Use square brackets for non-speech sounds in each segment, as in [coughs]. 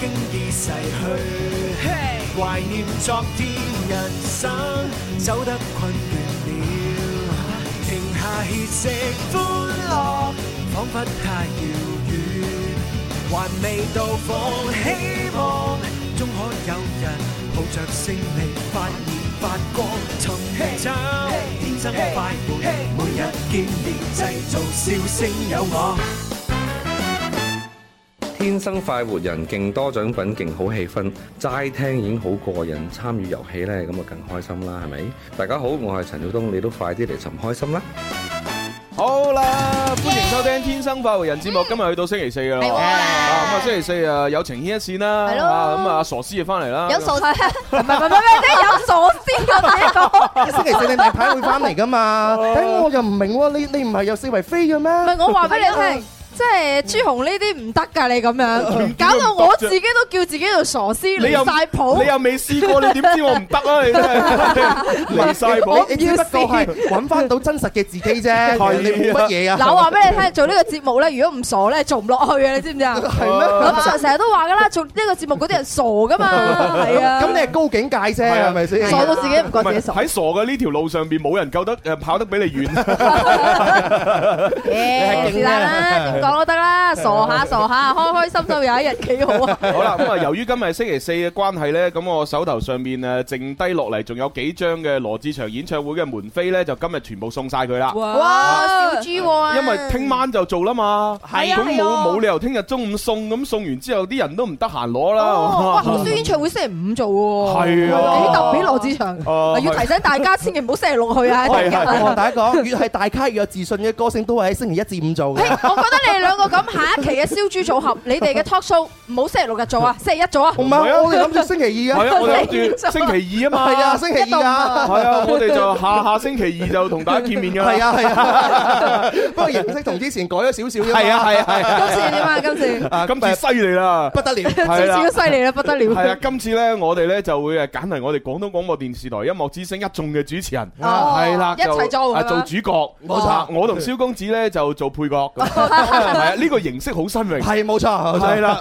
經已逝去，懷念昨天人生走得困倦了，停下歇息，歡樂彷彿太遙遠，還未到訪，希望終可有日抱着勝利發熱發光尋找，天生快活，每日見面製造笑聲有我。天生快活人，勁多獎品，勁好氣氛，齋聽已經好過癮，參與遊戲咧咁啊更開心啦，係咪？大家好，我係陳曉東，你都快啲嚟尋開心啦！好啦，歡迎收聽《天生快活人》節目，今日去到星期四啦，咁啊星期四啊，友情牽一線啦，係咯，咁啊傻師又翻嚟啦，有傻師，唔係唔係唔係，有傻師咁多個，星期四你睇會翻嚟噶嘛？咁我又唔明，你你唔係有四圍飛嘅咩？唔係我話俾你聽。即係朱紅呢啲唔得㗎，你咁樣搞到我自己都叫自己做傻師，你又未試過，你點知我唔得啊？你真係我唔要試。揾翻到真實嘅自己啫，你乜嘢啊？嗱，我話俾你聽，做呢個節目咧，如果唔傻咧，做唔落去啊！你知唔知啊？係咩？林常成日都話㗎啦，做呢個節目嗰啲人傻㗎嘛，係啊。咁你係高境界啫，係咪先？傻到自己唔覺得自己傻。喺傻嘅呢條路上邊，冇人夠得誒，跑得比你遠。你係認啦。講都得啦，傻下傻下，開開心心有一日幾好啊！好啦，咁啊，由於今日星期四嘅關係咧，咁我手頭上邊誒剩低落嚟，仲有幾張嘅羅志祥演唱會嘅門飛咧，就今日全部送晒佢啦。哇！小豬喎，因為聽晚就做啦嘛，係咁，冇冇理由聽日中午送，咁送完之後啲人都唔得閒攞啦。哇！好少演唱會星期五做喎，係啊，幾特別羅志祥，要提醒大家千祈唔好星期六去啊！大家講，越係大家越有自信嘅歌星都係喺星期一至五做嘅。我覺得你。你兩個咁下一期嘅燒豬組合，你哋嘅 talk show 唔好星期六日做啊，星期一做啊。唔係啊，我哋諗住星期二啊，我哋諗住星期二啊嘛。係啊，星期二啊。係啊，我哋就下下星期二就同大家見面㗎啦。係啊，係啊。不過形式同之前改咗少少咯。係啊，係啊，係啊。今次點啊？今次今次犀利啦，不得了。係啦，犀利啦，不得了。係啊，今次咧，我哋咧就會誒揀嚟我哋廣東廣播電視台音樂之星一眾嘅主持人。係啦，一齊做啊，做主角冇錯。我同蕭公子咧就做配角。係啊！呢個形式好新穎，係冇錯，係啦。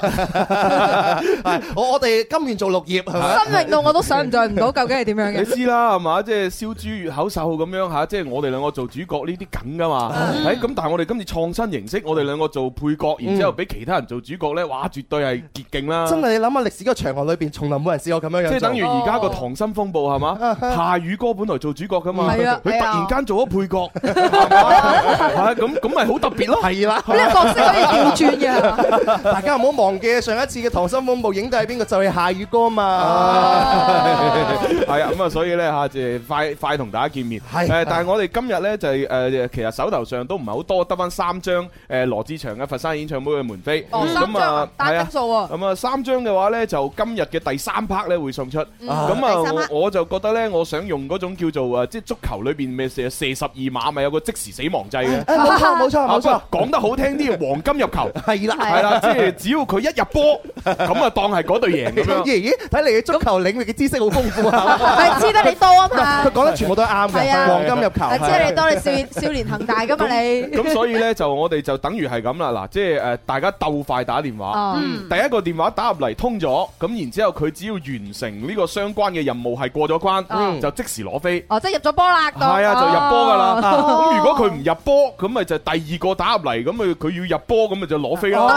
我我哋今年做綠葉，新穎到我都想象唔到，究竟係點樣嘅？你知啦，係嘛？即係燒豬熱口哨咁樣吓，即係我哋兩個做主角呢啲梗噶嘛？誒，咁但係我哋今次創新形式，我哋兩個做配角，然之後俾其他人做主角咧，哇！絕對係捷徑啦！真係你諗下歷史個長河，裏邊，從嚟冇人試過咁樣。即係等於而家個溏心風暴係嘛？夏雨歌本來做主角噶嘛？佢突然間做咗配角，咁咁咪好特別咯？係啦。角色可以調轉嘅，大家唔好忘記上一次嘅《溏心風暴》影帝係邊個？就係夏雨哥啊嘛。係啊，咁啊，所以咧嚇就快快同大家見面。係，但係我哋今日咧就誒其實手頭上都唔係好多，得翻三張誒羅志祥嘅佛山演唱會嘅門飛。哦，三張。係啊，單數喎。咁啊，三張嘅話咧，就今日嘅第三趴咧會送出。咁啊，我就覺得咧，我想用嗰種叫做誒，即係足球裏邊咩射射十二碼，咪有個即時死亡制嘅。冇錯，冇錯，冇錯。講得好聽。啲黃金入球係啦，係啦，即係只要佢一入波，咁啊當係嗰隊贏咁樣。咦咦，睇嚟你足球領域嘅知識好豐富啊，知得你多啊嘛。佢講得全部都啱嘅，黃金入球。黐得你多，你少少年恒大噶嘛你。咁所以咧就我哋就等於係咁啦，嗱，即係誒大家鬥快打電話，第一個電話打入嚟通咗，咁然之後佢只要完成呢個相關嘅任務係過咗關，就即時攞飛。哦，即係入咗波啦，係啊，就入波噶啦。咁如果佢唔入波，咁咪就第二個打入嚟，咁咪。佢要入波咁咪就攞飛咯。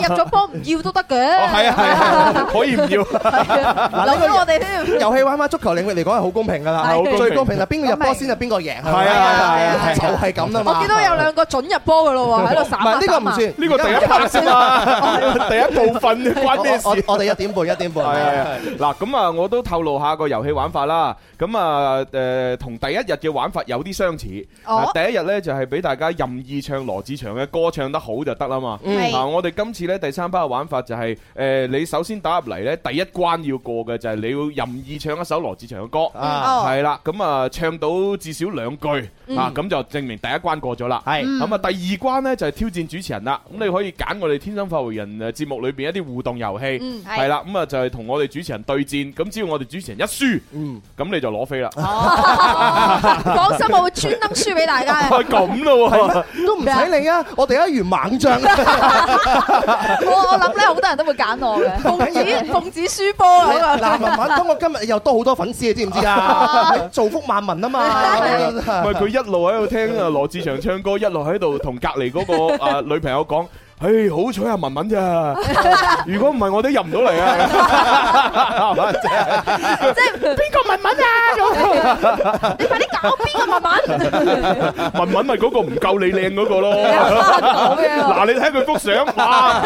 你入咗波唔要都得嘅。係啊係啊，可以唔要。留俾我哋先。遊戲玩法，足球領域嚟講係好公平噶啦，最公平就係邊個入波先就邊個贏。係啊係啊，就係咁啊嘛。我見到有兩個準入波噶咯喎，喺度散發光芒。唔係呢個唔算，呢個第一 part 先嘛，第一部分關咩事？我我哋一點半一點半。係係。嗱咁啊，我都透露下個遊戲玩法啦。咁啊誒，同第一日嘅玩法有啲相似。哦。第一日咧就係俾大家任意唱羅志祥嘅歌唱。得好就得啦嘛。嗱，我哋今次咧第三波嘅玩法就係，誒，你首先打入嚟咧，第一關要過嘅就係你要任意唱一首羅志祥嘅歌，係啦，咁啊唱到至少兩句，啊，咁就證明第一關過咗啦。係，咁啊第二關咧就係挑戰主持人啦。咁你可以揀我哋天生快活人誒節目裏邊一啲互動遊戲，係啦，咁啊就係同我哋主持人對戰。咁只要我哋主持人一輸，咁你就攞飛啦。講心，我會專登輸俾大家係咁咯，都唔使你啊，我哋。一猛將，我我諗咧好多人都會揀我嘅，奉旨奉旨輸波啦。嗱，文文通過今日又多好多粉絲啊，知唔知啊？造福萬民啊嘛。唔係佢一路喺度聽啊羅志祥唱歌，一路喺度同隔離嗰個啊女朋友講。唉，哎、好彩啊文文咋？如果唔係，我哋入唔到嚟啊！即係邊個文文啊？ [laughs] 你快啲搞邊個文文？ [laughs] 文文咪嗰個唔夠你靚嗰個咯。嗱 [laughs] 麼 [laughs] 你睇佢幅相啊！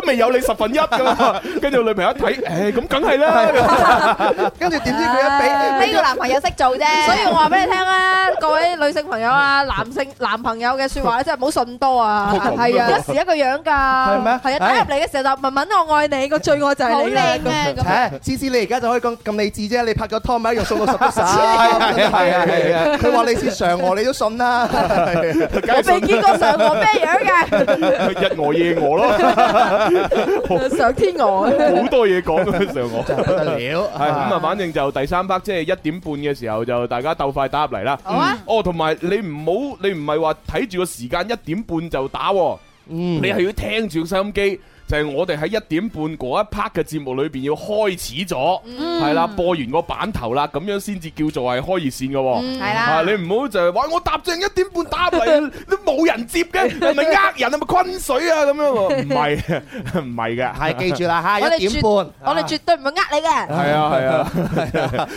都未有你十分一噶嘛，跟住女朋友一睇，唉，咁梗係啦。跟住點知佢一俾呢個男朋友識做啫，所以我話俾你聽啦，各位女性朋友啊，男性男朋友嘅説話咧真係唔好信多啊，係啊，一時一個樣㗎，係咩？係啊，打入嚟嘅時候就文文我愛你，個最愛就係你，好靚嘅咁。誒，試試你而家就可以講咁理智啫，你拍個拖咪一樣送到十多手，係啊係啊係啊，佢話你似嫦娥，你都信啦。我未見過嫦娥咩樣㗎？佢日娥夜娥咯。 [laughs] 上天鵝我 [laughs] [laughs] 了，好多嘢講上我，就係咁啊，反正就第三 part，即係一點半嘅時候就大家鬥快打入嚟啦。好啊嗯、哦，同埋你唔好，你唔係話睇住個時間一點半就打、啊，嗯、你係要聽住個收音機。就係我哋喺一點半嗰一 part 嘅節目裏邊要開始咗，係啦，播完個版頭啦，咁樣先至叫做係開熱線嘅喎。係啦，你唔好就係話我搭正一點半打嚟你冇人接嘅，係咪呃人啊？係咪坤水啊？咁樣喎？唔係唔係嘅。係記住啦嚇，一點半，我哋絕對唔會呃你嘅。係啊係啊，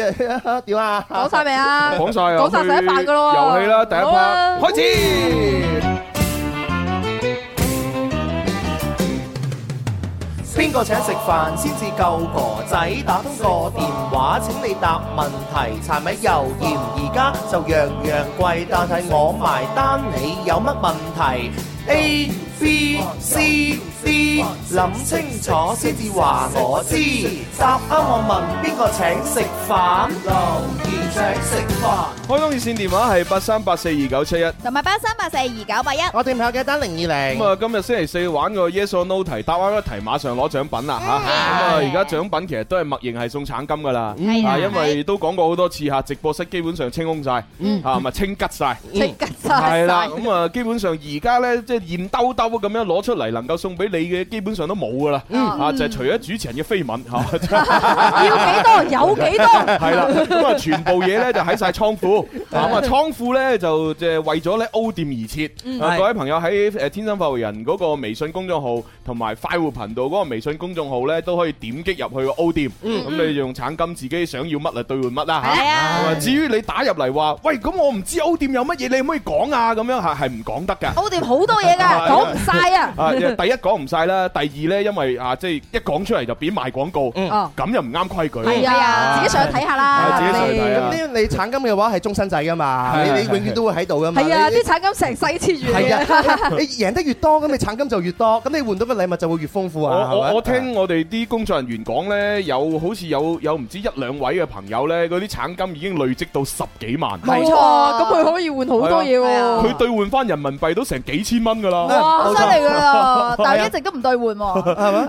咁啊，點啊？講晒未啊？講晒，講晒第一 part 嘅咯。遊戲啦，第一 part 開始！邊個請食飯先至夠噃仔？打通個電話請你答問題，柴米油鹽而家就樣樣貴，但係我埋單，你有乜問題？A B、C、D，諗清楚先至話我知。答啱我問邊個請食飯？龍二只食飯。開通熱線電話係八三八四二九七一，同埋八三八四二九八一。我哋唔記得零二零。咁啊，今日星期四玩個 Yes or No 題，答啱一題馬上攞獎品啦吓。咁啊，而家獎品其實都係默認係送橙金噶啦。係啊。啊，因為都講過好多次吓，直播室基本上清空晒，啊，咪清吉晒。清吉晒。係啦，咁啊，基本上而家咧即係現兜兜。會咁樣攞出嚟，能夠送俾你嘅，基本上都冇噶啦，啊，就係除咗主持人嘅飛吻吓，要幾多有幾多，係啦，咁啊全部嘢咧就喺晒倉庫，咁啊倉庫咧就即係為咗咧 O 店而設，各位朋友喺誒天生快活人嗰個微信公眾號同埋快活頻道嗰個微信公眾號咧都可以點擊入去個 O 店，咁你用橙金自己想要乜嚟兌換乜啦吓，係啊，至於你打入嚟話，喂，咁我唔知 O 店有乜嘢，你可唔可以講啊？咁樣係係唔講得噶，O 店好多嘢噶，講曬啊！啊，第一講唔曬啦，第二咧，因為啊，即係一講出嚟就變賣廣告，咁又唔啱規矩。係啊，自己上去睇下啦。係，咁呢？你產金嘅話係終身制噶嘛？你你永遠都會喺度噶嘛？係啊，啲產金成世黐住。係啊，你贏得越多，咁你產金就越多，咁你換到嘅禮物就會越豐富啊。我我聽我哋啲工作人員講咧，有好似有有唔知一兩位嘅朋友咧，嗰啲產金已經累積到十幾萬。冇錯，咁佢可以換好多嘢喎。佢兌換返人民幣都成幾千蚊噶啦。犀利㗎但係一直都唔兌換喎。佢可能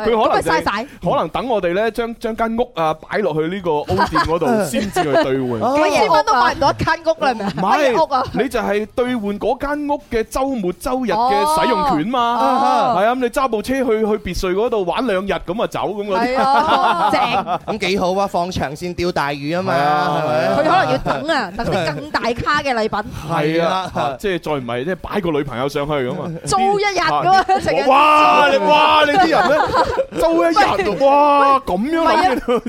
可能等我哋咧，將將間屋啊擺落去呢個 O 店嗰度先至去兌換。幾千蚊都買唔到一間屋啦，咩屋啊？你就係兌換嗰間屋嘅週末周日嘅使用權嘛。係啊，咁你揸部車去去別墅嗰度玩兩日咁啊走咁啲，正咁幾好啊！放長線釣大魚啊嘛，係咪？佢可能要等啊，等啲更大卡嘅禮品。係啊，即係再唔係即係擺個女朋友上去咁啊？租一日。哇！你哇！你啲人咧，周一日度哇咁樣啊！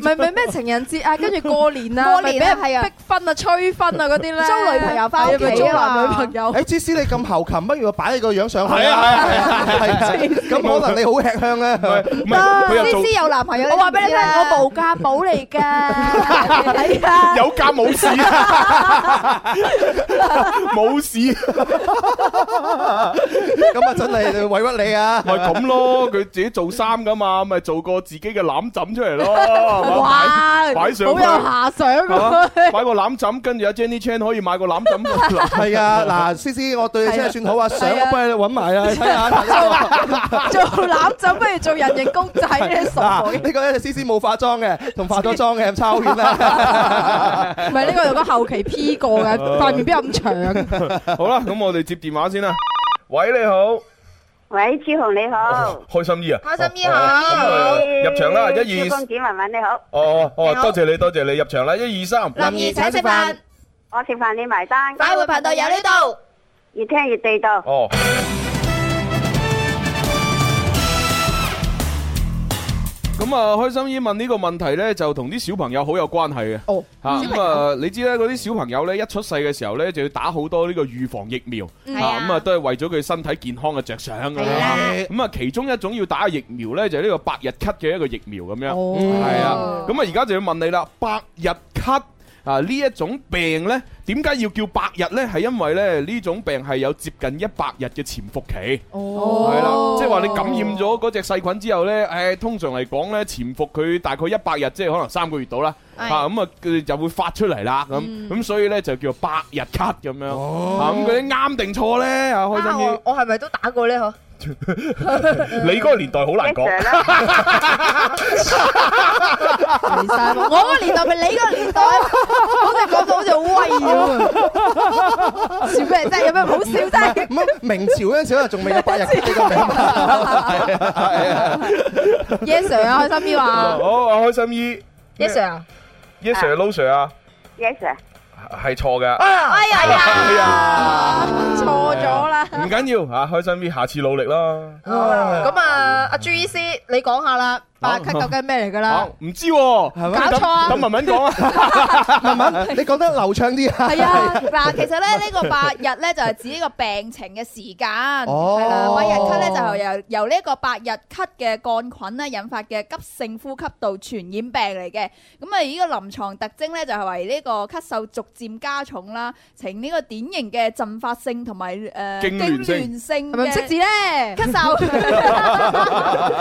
咪咪咩情人節啊，跟住過年啊！過年俾人係啊逼婚啊，催婚啊嗰啲咧，租女朋友翻嚟啊，租男女朋友。哎，芝士你咁猴琴，不如我擺你個樣上去啊！係咁，可能你好吃香咧，唔係。芝士有男朋友，我話俾你聽，我無價寶嚟噶，係啊，有價冇市，冇事！咁啊真係。委屈你啊！咪咁咯，佢自己做衫噶嘛，咪做過自己嘅欖枕出嚟咯。哇，好有遐想啊！擺個欖枕，跟住阿 Jenny Chan 可以買個欖枕。係啊，嗱，思思，我對你真係算好啊，相幫你搵埋啊，你睇下。做欖枕不如做人形公仔呢？傻嘅。呢個咧，思思冇化妝嘅，同化咗妝嘅差好遠啦。唔係，呢個係個後期 P 過嘅，塊面邊有咁長啊？好啦，咁我哋接電話先啦。喂，你好。喂，朱紅你好，開心姨啊，開心姨好，你好，入場啦，一嘿二，公子文文你好，哦哦，多謝你，多謝你，入場啦，一二三，林怡請食飯，我食飯你埋單，快活頻道有呢度，越聽越地道，哦。咁啊，開心醫問呢個問題呢，就同啲小朋友好有關係嘅。哦、oh, 啊，吓咁啊，你知呢，嗰啲小朋友呢，一出世嘅時候呢，就要打好多呢個預防疫苗。係。咁 [music] 啊，嗯、都係為咗佢身體健康嘅着想。係啦。咁 [noise] 啊樂、嗯，其中一種要打嘅疫苗呢，就係、是、呢個百日咳嘅一個疫苗咁樣。哦。係啊。咁啊，而家就要問你啦，百日咳。啊！呢一種病呢，點解要叫百日呢？係因為咧呢種病係有接近一百日嘅潛伏期。係、哦、啦，即係話你感染咗嗰隻細菌之後呢，誒、欸，通常嚟講呢，潛伏佢大概一百日，即、就、係、是、可能三個月到啦。吓咁、哎、啊，嗯、就會發出嚟啦。咁咁、嗯嗯，所以、哦啊、呢，就叫百日咳咁樣。哦、啊，咁佢啲啱定錯呢？吓，開心我我係咪都打過呢？你嗰個年代好難講，唔曬我個年代咪你個年代，我哋講到好似好威咁啊！算咩啫？有咩好笑啫？唔係明朝嗰陣時可能仲未有八日呢個名啊！Yes sir 啊，開心姨話：哦，開心姨，Yes sir，Yes sir，Loser 啊，Yes sir。係錯嘅，哎呀，哎呀，錯咗啦，唔緊要吓，開心啲，下次努力啦。咁啊，阿朱醫師，你講下啦，百日咳究竟係咩嚟噶啦？唔知喎，搞錯啊！咁、啊啊啊、慢慢講啊， [laughs] 慢慢，你講得流暢啲 [laughs] 啊？係啊，嗱，其實咧呢個百日咧就係指呢個病情嘅時間，係啦、哦啊，百日咳咧就由由呢一個百日咳嘅桿菌咧引發嘅急性呼吸道傳染病嚟嘅。咁啊，呢個臨床特徵咧就係為呢個咳嗽逐漸加重啦，呈呢個典型嘅陣發性同埋誒痙攣性嘅，即係識字咧？咳嗽，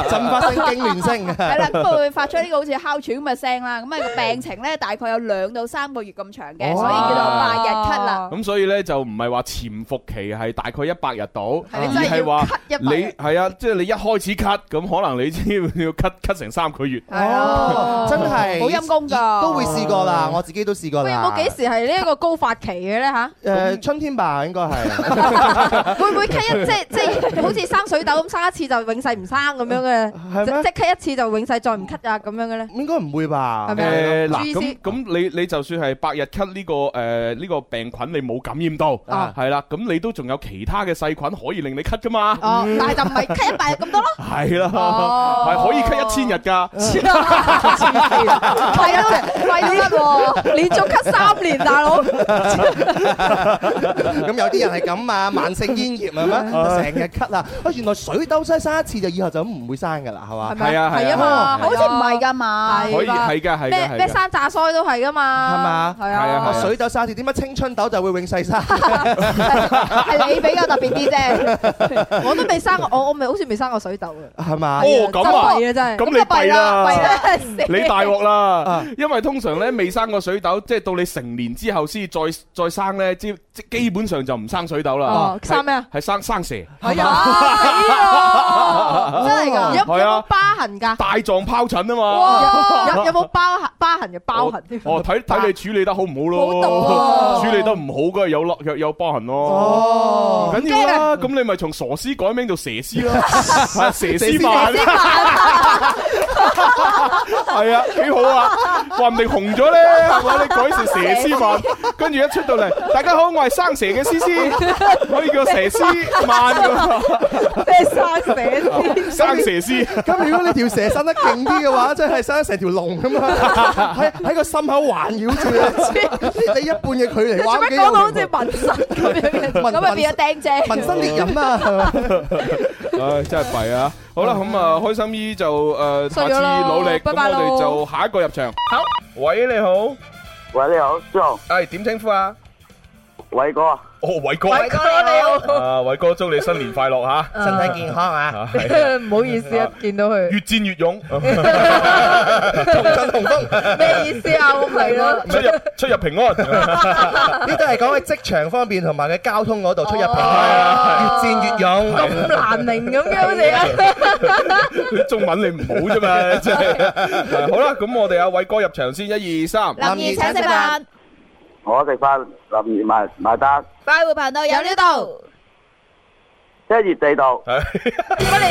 陣發性痙攣性係啦，都會發出呢個好似哮喘咁嘅聲啦。咁啊，個病情咧大概有兩到三個月咁長嘅，所以叫做百日咳啦。咁所以咧就唔係話潛伏期係大概一百日到，而係話你係啊，即係你一開始咳，咁可能你要要咳咳成三個月。啊，真係好陰功噶，都會試過啦，我自己都試過啦。有冇幾時係？呢一個高發期嘅咧嚇，誒春天吧應該係。會唔會咳一即即好似生水痘咁生一次就永世唔生咁樣嘅？係咩？即咳一次就永世再唔咳啊，咁樣嘅咧？應該唔會吧？誒嗱，咁咁你你就算係百日咳呢個誒呢個病菌你冇感染到啊係啦，咁你都仲有其他嘅細菌可以令你咳㗎嘛？哦，但係就唔係咳一百日咁多咯。係啦，係可以咳一千日㗎。係啊，係啊，連續咳三年大佬，咁有啲人係咁啊，慢性咽炎係咩？成日咳啊！啊，原來水痘生生一次就以後就唔會生㗎啦，係嘛？係啊係啊嘛，好似唔係㗎嘛，可以係㗎係咩咩生炸腮都係㗎嘛，係嘛？係啊！啊，水痘生一次，點解青春痘就會永世生？係你比較特別啲啫，我都未生過，我我咪好似未生過水痘啊？係嘛？哦咁啊，咁你弊啦，你大鑊啦，因為通常咧未生過水痘，即係到你成年。之後先再再生咧，之即基本上就唔生水痘啦。生咩啊？係生生蛇。係啊！真係噶，係啊，疤痕噶。帶狀疱疹啊嘛。有有冇包疤痕？嘅？疤痕哦，睇睇你處理得好唔好咯。冇處理得唔好嘅有落藥有疤痕咯。哦，唔緊要啦。咁你咪從傻師改名做蛇師啦。蛇師萬。係啊，幾好啊！話唔定紅咗咧，係嘛？你改成蛇師萬。跟住一出到嚟，大家好，我係生蛇嘅思思，可以叫蛇絲曼個，咩生蛇絲？生蛇絲。咁如果你條蛇生得勁啲嘅話，真係生得成條龍咁樣，喺喺個心口環繞住你一半嘅距離。做咩講到好似紋身咁樣嘅？咁咪變咗釘姐？紋身獵人啊！唉，真係弊啊！好啦，咁啊，開心醫就誒，下次努力。咁我哋就下一個入場。好，喂，你好。喂，你好，張，誒點稱呼啊？偉哥。哦，偉哥，啊，偉哥，祝你新年快樂吓，身體健康啊！唔好意思，見到佢越戰越勇，重振雄風，咩意思啊？咁係咯，出入出入平安，呢都係講喺職場方面同埋喺交通嗰度出入平安，越戰越勇，咁難明咁樣好似啊！啲中文你唔好啫嘛，好啦，咁我哋阿偉哥入場先，一二三，林怡，請入。我食飯林如埋埋單。快活頻道有呢度，七月四度。係。點解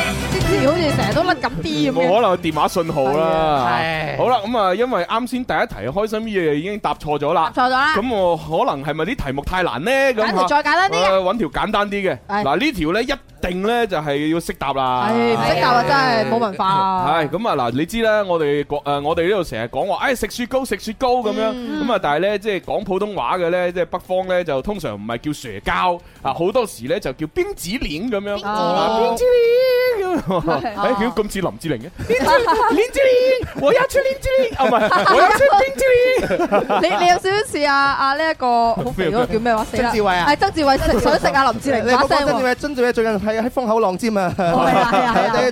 你好似成日都甩咁啲咁樣？冇可能電話信號啦。係。好啦，咁啊，因為啱先第一題開心啲嘢已經答錯咗啦。答錯咗啦。咁我可能係咪啲題目太難咧咁啊？揾條再簡單啲。誒，揾條簡單啲嘅。係。嗱呢條咧一，定咧就係、是、要識答啦，唔是是識答啊是真係冇文化啊！咁啊嗱，你知啦，我哋講誒，我哋呢度成日講話，誒食雪糕食雪糕咁樣，咁啊、嗯嗯嗯、但係咧即係講普通話嘅咧，即係北方咧就通常唔係叫蛇糕啊，好多時咧就叫冰子鏈咁樣。冰、嗯哦、子鏈。哎，點咁似林志玲嘅？林志玲，我一出林志玲，唔係，我一出邊志玲。你你有少少似啊，阿呢一個好肥，嗰個叫咩話？曾志偉啊，係曾志偉想食啊？林志玲。曾志偉，曾志偉最近係喺風口浪尖啊，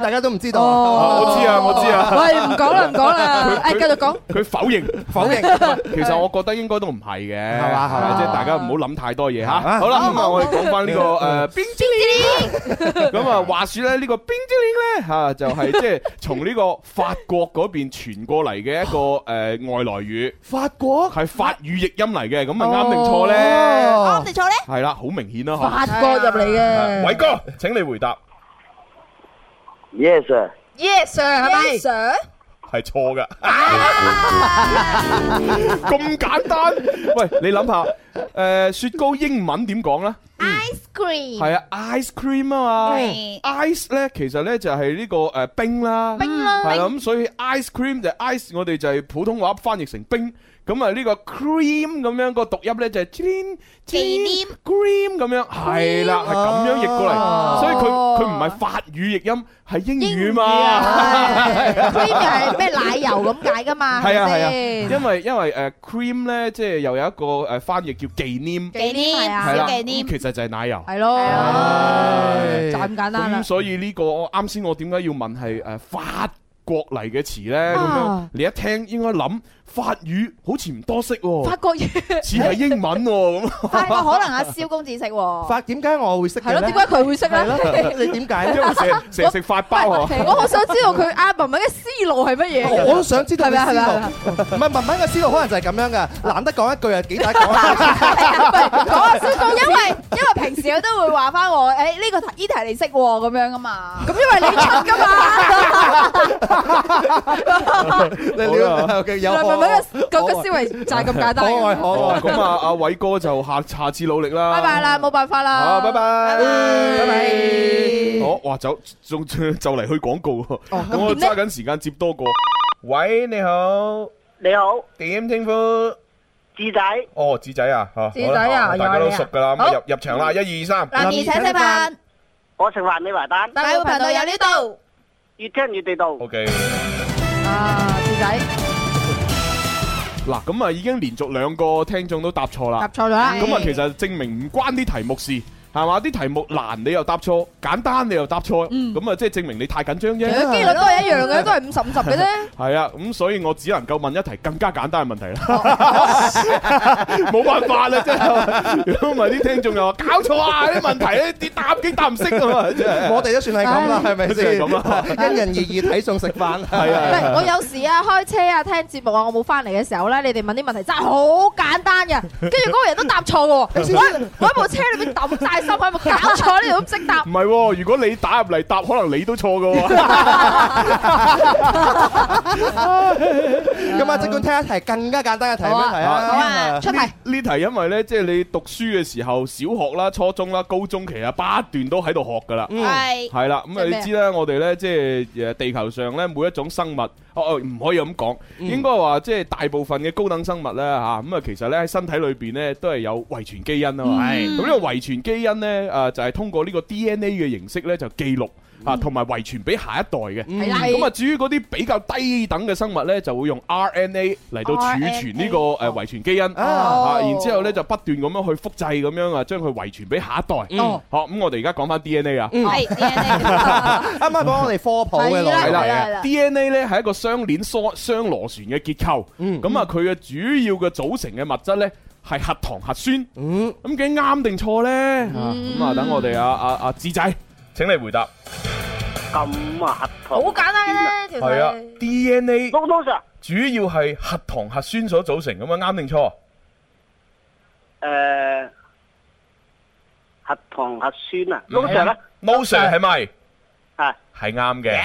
大家都唔知道。我知啊，我知啊，喂，唔講啦，唔講啦，哎，繼續講。佢否認否認，其實我覺得應該都唔係嘅，係嘛，即係大家唔好諗太多嘢吓。好啦，咁啊，我哋講翻呢個誒，咁啊，話說咧，呢個精靈咧，吓，就係即係從呢個法國嗰邊傳過嚟嘅一個誒外來語。法國係法語譯音嚟嘅，咁係啱定錯咧？啱定錯咧？係啦，好明顯啦。法國入嚟嘅，偉哥，請你回答。Yes sir。Yes sir。係咪？Yes sir。係錯噶。咁簡單？喂，你諗下。誒，雪糕英文點講咧？Ice cream 係啊，ice cream 啊嘛。Ice 咧，其實咧就係呢個誒冰啦。冰啦，係啦，咁，所以 ice cream 就 ice，我哋就係普通話翻譯成冰。咁啊呢個 cream 咁樣個讀音咧就係尖尖點 cream 咁樣，係啦，係咁樣譯過嚟。所以佢佢唔係法語譯音，係英語嘛。係啊，Cream 係咩奶油咁解噶嘛？係啊係啊，因為因為誒 cream 咧，即係又有一個誒翻譯叫。忌廉係啊念，小忌廉。嗯、其實就係奶油，係咯，就咁簡單。咁、嗯、所以呢、這個，啱先我點解要問係誒法國嚟嘅詞咧？啊、你一聽應該諗。法語好似唔多識喎，法國語似係英文喎咁。可能阿蕭公子識喎，法點解我會識？係咯，點解佢會識咧？你點解？因為成日食法包。我好想知道佢阿文文嘅思路係乜嘢？我想知道思路。唔係文文嘅思路，可能就係咁樣嘅，懶得講一句係幾大講。因為因為平時我都會話翻我，誒呢個呢題你識喎咁樣噶嘛？咁因為你出噶嘛？你有。個個思維就係咁簡單。好啊好啊，咁啊阿偉哥就下下次努力啦。拜拜啦，冇辦法啦。啊，拜拜，拜拜。我哇，就仲就嚟去廣告，咁我揸緊時間接多個。喂，你好，你好，點稱呼？智仔。哦，智仔啊，吓。智仔啊，大家都熟噶啦。好，入入場啦，一二三。立正，請食飯。我食飯你埋單。喺我頻道有呢度，越聽越地道。O K。啊，智仔。嗱，咁啊已經連續兩個聽眾都答錯啦，答錯咗啦。咁啊，其實證明唔關啲題目事。係嘛？啲題目難你又答錯，簡單你又答錯，咁啊即係證明你太緊張啫。其實幾率都係一樣嘅，都係五十五十嘅啫。係啊，咁所以我只能夠問一題更加簡單嘅問題啦。冇辦法啦，真係。如果唔係啲聽眾又話搞錯啊啲問題咧，啲答已經答唔識噶嘛，我哋都算係咁啦，係咪先？咁啊，因人而異睇餸食飯，係啊。我有時啊，開車啊，聽節目啊，我冇翻嚟嘅時候咧，你哋問啲問題真係好簡單嘅，跟住嗰個人都答錯嘅。我喺部車裏邊抌心係咪搞錯？你都識答。唔係喎，如果你打入嚟答，可能你都錯噶喎。咁啊，即管講聽一題更加簡單嘅題咩題啊？好啊，出題。呢題因為咧，即係你讀書嘅時候，小學啦、初中啦、高中，其實不斷都喺度學噶啦。係係啦，咁啊，你知啦，我哋咧即係誒地球上咧每一種生物，哦哦唔可以咁講，應該話即係大部分嘅高等生物咧嚇咁啊，其實咧喺身體裏邊咧都係有遺傳基因咯。係咁呢個遺傳基因。因咧啊，就係通過呢個 DNA 嘅形式咧，就記錄啊，同埋遺傳俾下一代嘅。咁啊，至於嗰啲比較低等嘅生物咧，就會用 RNA 嚟到儲存呢個誒遺傳基因啊。然之後咧，就不斷咁樣去複製，咁樣啊，將佢遺傳俾下一代。好，咁我哋而家講翻 DNA 啊。啱啱講我哋科普嘅內容嘅 DNA 咧，係一個雙鏈雙螺旋嘅結構。咁啊，佢嘅主要嘅組成嘅物質咧。係核糖核酸，嗯，咁幾啱定錯咧？咁、嗯、啊，等我哋阿阿阿志仔，請你回答。咁核糖好簡單咧，條仔。D N A。主要係核糖核酸所組成，咁樣啱定錯？誒，核糖核酸啊，No sir 啦，No sir 係咪？係，係啱嘅。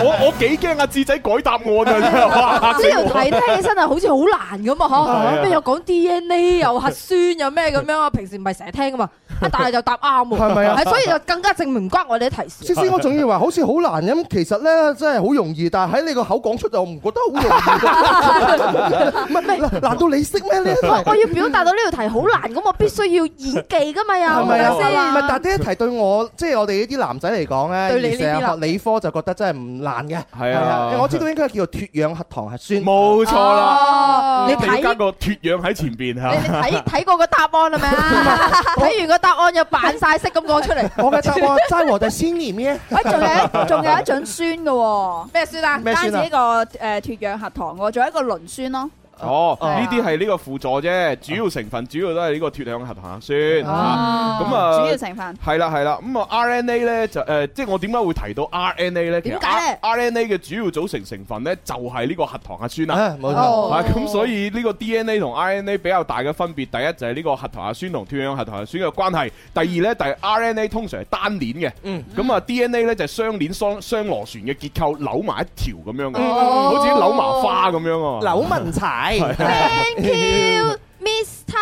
[laughs] 我我幾驚阿智仔改答案啊！呢條題聽起身係好似好難咁啊！嚇，咩又講 DNA 又核酸又咩咁樣啊？ [laughs] 平時唔係成日聽噶嘛。啊！但係就答啱喎，係咪啊？係，所以就更加證明唔關我哋啲提示。師師，我仲以為好似好難咁，其實咧真係好容易，但係喺你個口講出就唔覺得好容易。唔係唔係，難道你識咩呢？我我要表達到呢條題好難咁，我必須要演技㗎嘛又。唔係啊，唔係但呢一題對我即係我哋呢啲男仔嚟講咧，以前學理科就覺得真係唔難嘅。係啊，我知道應該叫做脱氧核糖核酸。冇錯啦，你加個脱氧喺前邊嚇。你你睇睇過個答案係咪啊？睇完個答案。答案又扮晒色咁講出嚟， [laughs] 我嘅答案齋和就先廉嘅，喂、 [laughs] 哎，仲有仲有一種酸嘅喎、哦，咩 [laughs] 酸啊？酸啊單止一個誒脱氧核糖喎、哦，仲有一個磷酸咯、哦。哦，呢啲係呢個輔助啫，主要成分主要都係呢個脱氧核糖核酸。咁啊，主要成分係啦係啦。咁啊，RNA 呢，就誒，即係我點解會提到 RNA 呢？點解？RNA 嘅主要組成成分呢，就係呢個核糖核酸啊，冇錯。咁所以呢個 DNA 同 RNA 比較大嘅分別，第一就係呢個核糖核酸同脱氧核糖核酸嘅關係。第二呢，就係 RNA 通常係單鏈嘅。咁啊，DNA 呢就係雙鏈雙雙螺旋嘅結構，扭埋一條咁樣嘅，好似扭麻花咁樣啊。扭紋柴。Thank you, Mr.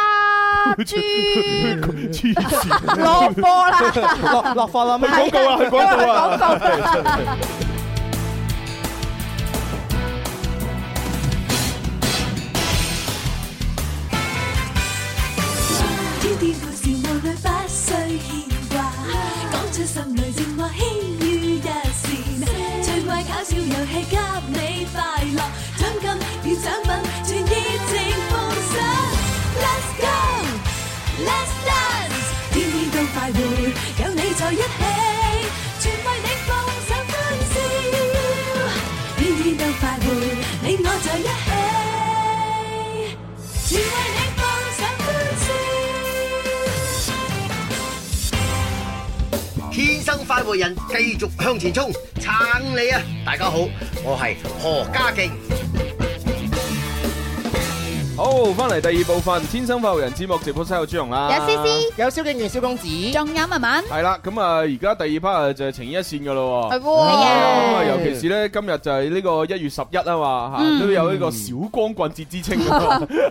豬。落課啦，落課啦，去廣告啦，去廣告啦。個人繼續向前衝，撐你啊！大家好，我係何家勁。好，翻嚟第二部分《天生快活人》節目直播室有朱容啦，有 C C，有蕭敬騰蕭公子，仲有文文，係啦，咁啊，而家第二 part 就係情依一線噶咯，係啊，咁啊，尤其是咧，今日就係呢個一月十一啊嘛，吓都有呢個小光棍節之稱，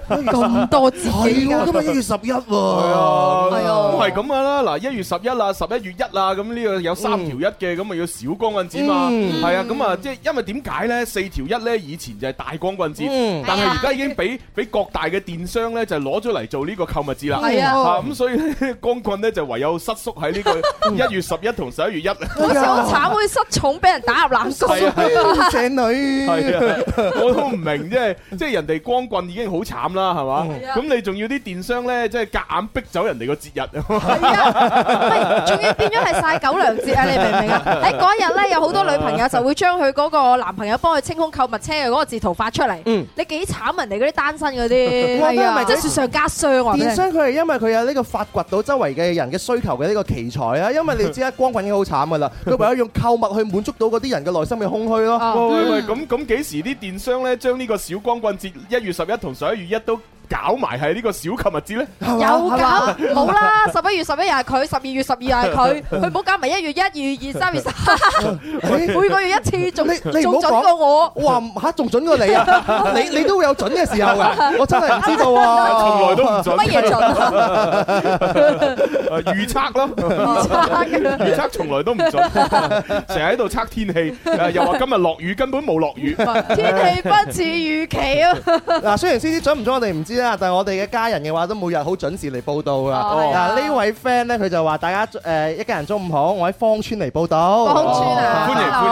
咁多仔啊，今日一月十一喎，係啊，都係咁噶啦，嗱，一月十一啊，十一月一啊，咁呢個有三條一嘅，咁啊要小光棍節嘛，係啊，咁啊即係因為點解咧？四條一咧以前就係大光棍節，但係而家已經俾俾。各大嘅電商咧就攞咗嚟做呢個購物節啦，咁、啊嗯、所以光棍咧就唯有失縮喺呢個一月十一同十一月一啊！好慘，會失寵俾人打入冷宮，正女、啊 [laughs] 啊啊，我都唔明，即係即係人哋光棍已經好慘啦，係嘛？咁、啊、你仲要啲電商咧，即係夾硬逼走人哋個節日啊！唔係，仲 [laughs] 要變咗係晒狗糧節啊！你明唔明啊？喺嗰日咧有好多女朋友就會將佢嗰個男朋友幫佢清空購物車嘅嗰個截圖發出嚟，嗯、你幾慘人哋嗰啲單身嗰啲光棍咪即雪上加霜啊！電商佢係因為佢有呢個發掘到周圍嘅人嘅需求嘅呢個奇才啊！ [laughs] 因為你知啦，光棍已經好慘㗎喇，佢唯有用購物去滿足到嗰啲人嘅內心嘅空虛咯。哦嗯、喂咁咁幾時啲電商咧將呢個小光棍節一月十一同十一月一都？搞埋係呢個小購物節咧，有㗎搞，冇啦！ [laughs] 十一月十一日係佢，十二月十二日係佢，佢唔好搞埋一月一、二、二、三月三。每每個月一次，仲你你唔好講，準過我。我話，吓仲、啊、準過你啊！ [laughs] 你你都會有準嘅時候㗎， [laughs] 我真係唔知道啊， [laughs] 從來都唔準乜嘢準啊， [laughs] 啊！預測咯，預測 [laughs] [laughs] 預測從來都唔準，成日喺度測天氣，又話今日落雨，根本冇落雨， [laughs] 天氣不似預期啊！嗱， [laughs] 雖然師師準唔準我，我哋唔知。但係我哋嘅家人嘅話都每日好準時嚟報道噶。嗱，呢位 friend 咧，佢就話大家，誒一家人中午好，我喺芳村嚟報道。芳村啊，歡迎歡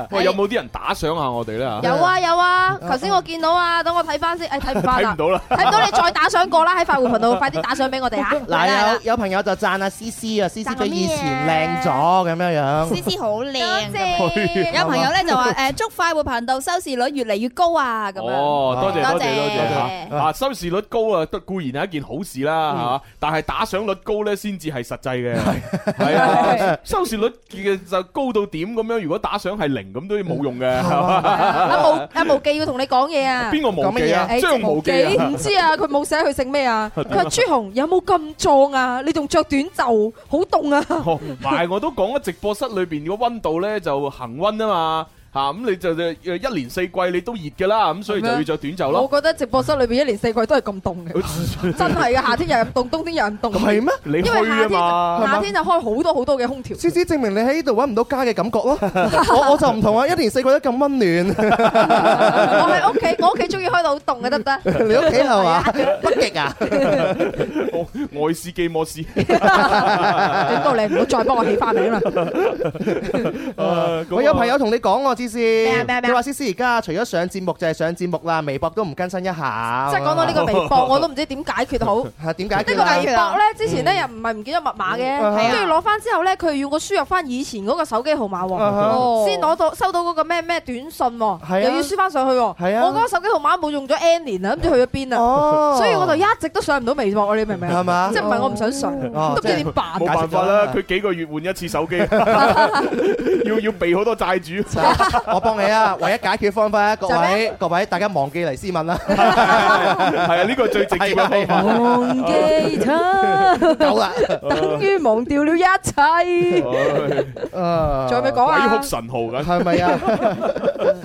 迎。喂，有冇啲人打賞下我哋咧？有啊有啊，頭先我見到啊，等我睇翻先。睇唔翻啦。睇唔到啦，睇唔到你再打賞過啦，喺快活頻道快啲打賞俾我哋嚇。嗱，有有朋友就贊啊，詩詩啊，詩詩比以前靚咗咁樣樣。詩詩好靚。有朋友咧就話，誒，祝快活頻道收視率越嚟越高啊咁樣。哦，多謝多謝。啊，收視率高啊，固然係一件好事啦，吓！但係打賞率高咧，先至係實際嘅。係啊，收視率嘅就高到點咁樣，如果打賞係零咁，都冇用嘅。阿無阿無忌要同你講嘢啊！邊個無忌啊？張無忌？唔知啊，佢冇寫佢食咩啊？佢話朱紅有冇咁壯啊？你仲着短袖，好凍啊！同埋我都講咗，直播室裏邊個溫度咧就恒溫啊嘛。啊，咁你就誒誒一年四季你都熱㗎啦，咁所以就要著短袖咯。我覺得直播室裏邊一年四季都係咁凍嘅，真係㗎，夏天又咁凍，冬天又咁凍。係咩？你去啊嘛？因為夏天就開好多好多嘅空調。事先證明你喺呢度揾唔到家嘅感覺咯。我我就唔同啊，一年四季都咁溫暖。我喺屋企，我屋企中意開到好凍嘅得唔得？你屋企係嘛？北極啊？愛愛斯基摩斯？多靚，你唔好再幫我起花名啦。我有朋友同你講我知。思思，你話思思而家除咗上節目就係上節目啦，微博都唔更新一下。即係講到呢個微博，我都唔知點解決好。點解呢個微博咧，之前咧又唔係唔記得密碼嘅，跟住攞翻之後咧，佢要我輸入翻以前嗰個手機號碼喎，先攞到收到嗰個咩咩短信喎，又要輸翻上去喎。我嗰手機號碼冇用咗 N 年啦，唔知去咗邊啦。所以我就一直都上唔到微博，你明唔明啊？係嘛？即係唔係我唔想上，都唔知點辦。冇辦法啦，佢幾個月換一次手機，要要備好多債主。我幫你啊！唯一解決方法啊，各位各位，大家忘記嚟斯文啦，係啊，呢個最直接啦，忘記咗夠啦，等於忘掉了一切。誒，仲有咩講啊？鬼哭神號咁係咪啊？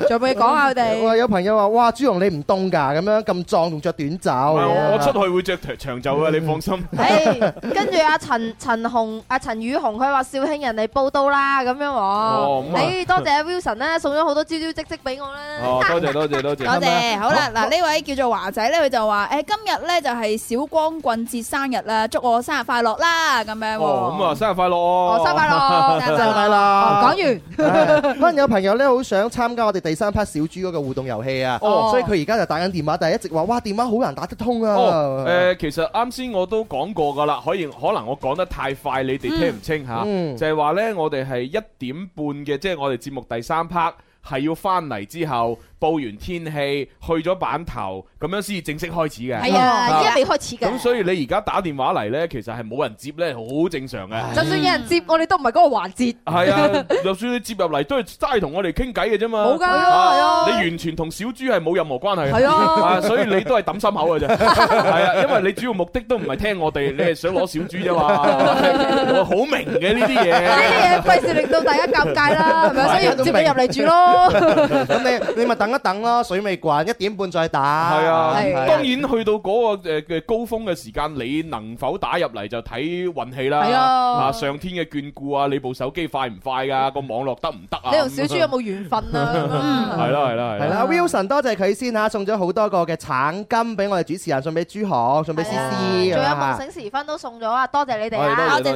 仲未講下佢哋有朋友話：哇，朱紅你唔凍㗎，咁樣咁壯仲着短袖。 [laughs] 我出去會着長袖啊！你放心。誒、 [laughs] 哎，跟住阿陳陳紅、阿陳宇紅，佢話肇慶人嚟報到啦，咁樣喎、哦。哦、哎，多謝阿 Wilson 啦，送咗好多招招積積俾我啦。多謝多謝多謝，多謝。好啦，嗱、啊，呢位叫做華仔咧，佢就話：誒、哎，今日咧就係小光棍節生日啦，祝我生日快樂啦！咁樣。哦，咁、哦、啊，生日快樂、哦！生日快樂，生日快樂。講、哦、完，嗰陣、 [laughs] 啊、有朋友咧好想參加我哋第三 part 小豬嗰個互動遊戲啊，哦，所以佢而家就打緊電話，但係一直話哇電話好難打得通啊。誒、哦呃，其實啱先我都講過㗎喇，可以可能我講得太快，你哋聽唔清吓，嗯、就係話呢，我哋係一點半嘅，即係我哋節目第三 part 係要翻嚟之後報完天氣，去咗板頭。咁樣先至正式開始嘅。係啊，依家未開始嘅。咁所以你而家打電話嚟咧，其實係冇人接咧，好正常嘅。就算有人接，我哋都唔係嗰個環節。係啊，就算你接入嚟，都係齋同我哋傾偈嘅啫嘛。冇㗎，係啊。你完全同小豬係冇任何關係。係啊。啊，所以你都係抌心口啊！啫，係啊，因為你主要目的都唔係聽我哋，你係想攞小豬啫嘛。我好明嘅呢啲嘢。呢啲嘢費事令到大家尷尬啦，係咪？所以接你入嚟住咯。咁你你咪等一等咯，水未滾，一點半再打。係啊。係，當然去到嗰個誒嘅高峰嘅時間，你能否打入嚟就睇運氣啦，啊上天嘅眷顧啊，你部手機快唔快噶，個網絡得唔得啊？你同小豬有冇緣分啊？係啦係啦係啦，Wilson 多謝佢先吓，送咗好多個嘅橙金俾我哋主持人，送俾朱航，送俾詩詩，仲有夢醒時分都送咗啊！多謝你哋啊，多謝，繼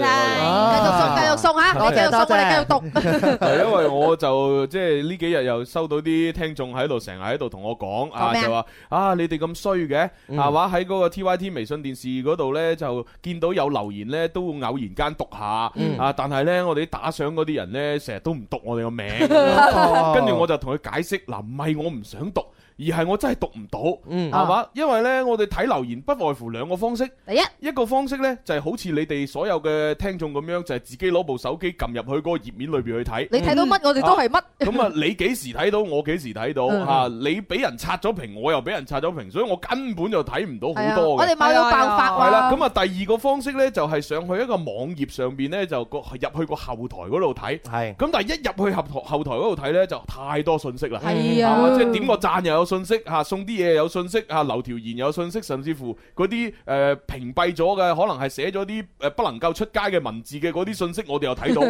續送繼續送吓，我繼續送過嚟繼續讀。係因為我就即係呢幾日又收到啲聽眾喺度成日喺度同我講啊，就話啊你哋咁衰嘅啊！話喺嗰個 T Y T 微信電視嗰度呢，就見到有留言呢，都會偶然間讀下啊！但係呢，我哋打賞嗰啲人呢，成日都唔讀我哋個名，啊， [laughs] 跟住我就同佢解釋嗱，啊，唔係我唔想讀。而係我真係讀唔到，係嘛？因為咧，我哋睇留言不外乎兩個方式。第一一個方式咧，就係好似你哋所有嘅聽眾咁樣，就係自己攞部手機撳入去嗰個頁面裏邊去睇。你睇到乜，我哋都係乜。咁啊，你幾時睇到，我幾時睇到嚇？你俾人刷咗屏，我又俾人刷咗屏，所以我根本就睇唔到好多我哋冇到爆發喎。啦，咁啊，第二個方式咧，就係上去一個網頁上邊咧，就個入去個後台嗰度睇。係。咁但係一入去後台台嗰度睇咧，就太多信息啦。係啊，即係點個贊又有。信息嚇，送啲嘢有信息嚇，留條言有信息，甚至乎嗰啲誒屏蔽咗嘅，可能係寫咗啲誒不能夠出街嘅文字嘅嗰啲信息我哋又睇到，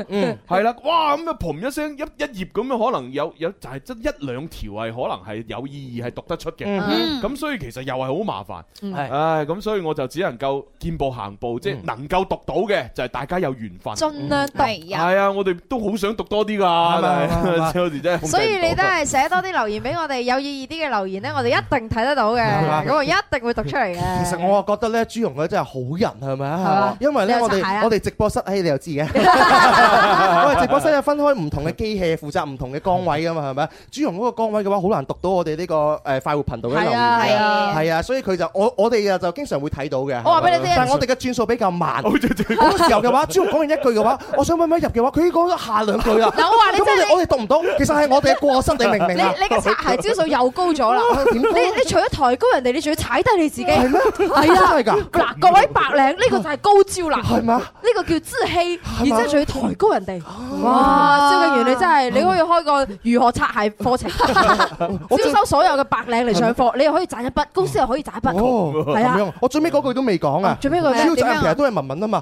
係啦，哇咁啊嘭一聲一一頁咁樣可能有有就係得一兩條係可能係有意義係讀得出嘅，咁所以其實又係好麻煩，唉咁所以我就只能夠見步行步，即係能夠讀到嘅就係大家有緣分，盡量第日係啊！我哋都好想讀多啲㗎，有時真係，所以你都係寫多啲留言俾我哋有意義啲嘅。留言咧，我哋一定睇得到嘅，咁我一定會讀出嚟嘅。其實我啊覺得咧，朱融佢真係好人係咪啊？因為咧我哋我哋直播室，嘿你又知嘅。我哋直播室啊，分開唔同嘅機器負責唔同嘅崗位噶嘛，係咪？朱融嗰個崗位嘅話，好難讀到我哋呢個誒快活頻道嘅留言。係啊係啊，所以佢就我我哋啊就經常會睇到嘅。我話俾你聽，但我哋嘅轉數比較慢。嗰時候嘅話，朱融講完一句嘅話，我想問問入嘅話，佢已經講咗下兩句啊。有我話你真我哋讀唔到，其實係我哋嘅過失定明唔明？你你嘅擦鞋招數又高。咗啦！你你除咗抬高人哋，你仲要踩低你自己？係咩？係啊，嗱，各位白領，呢個就係高招啦。係嘛？呢個叫自欺，然之後仲要抬高人哋。哇！蕭敬元，你真係，你可以開個如何擦鞋課程，招收所有嘅白領嚟上課，你又可以賺一筆，公司又可以賺一筆。係啊！我最尾嗰句都未講啊！最尾嗰句，蕭敬元其實都係文文啊嘛。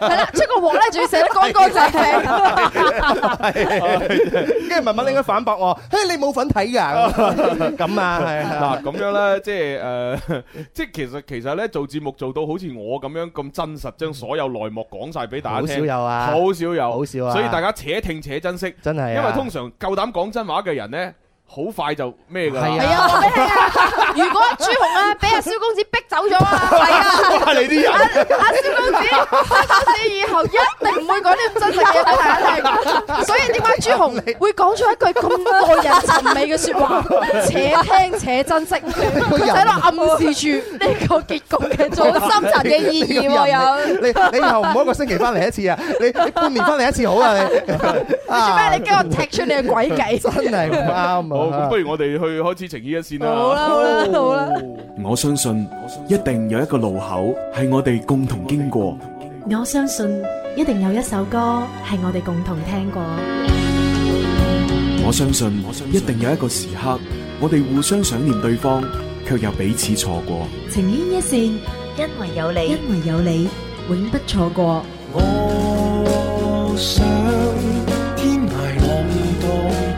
係啦，出個鑊咧，仲要寫得乾乾淨淨，跟住文文你應該反駁我。嘿，你冇份睇噶咁啊，嗱，咁樣咧，即係誒，即係其實其實咧，做節目做到好似我咁樣咁真實，將所有內幕講晒俾大家。好少有啊，好少有，好少啊。所以大家且聽且珍惜，真係。因為通常夠膽講真話嘅人咧，好快就咩噶啦？係啊！如果朱紅啊，俾阿蕭公子逼走咗啊，係啊！你啲人。阿蕭公子，蕭公子以後一定唔會講啲咁真實嘅嘢俾大家聽。所以點解朱紅會講出一句咁多人尋味嘅說話？且聽且珍惜。佢又喺度暗示住呢個結局嘅最深層嘅意義喎。有你，你以後唔好一個星期翻嚟一次啊！你半年翻嚟一次好啊！你做咩？你驚我踢出你嘅鬼計？真係唔啱啊！不如我哋去開始情牽一線啦！好啦，好啦，好啦！我相信一定有一個路口係我哋共同經過。我相信一定有一首歌係我哋共同聽過。我相信一定有一個時刻，我哋互相想念對方，卻又彼此錯過。情牽一線，因為有你，因為有你，永不錯過。我想。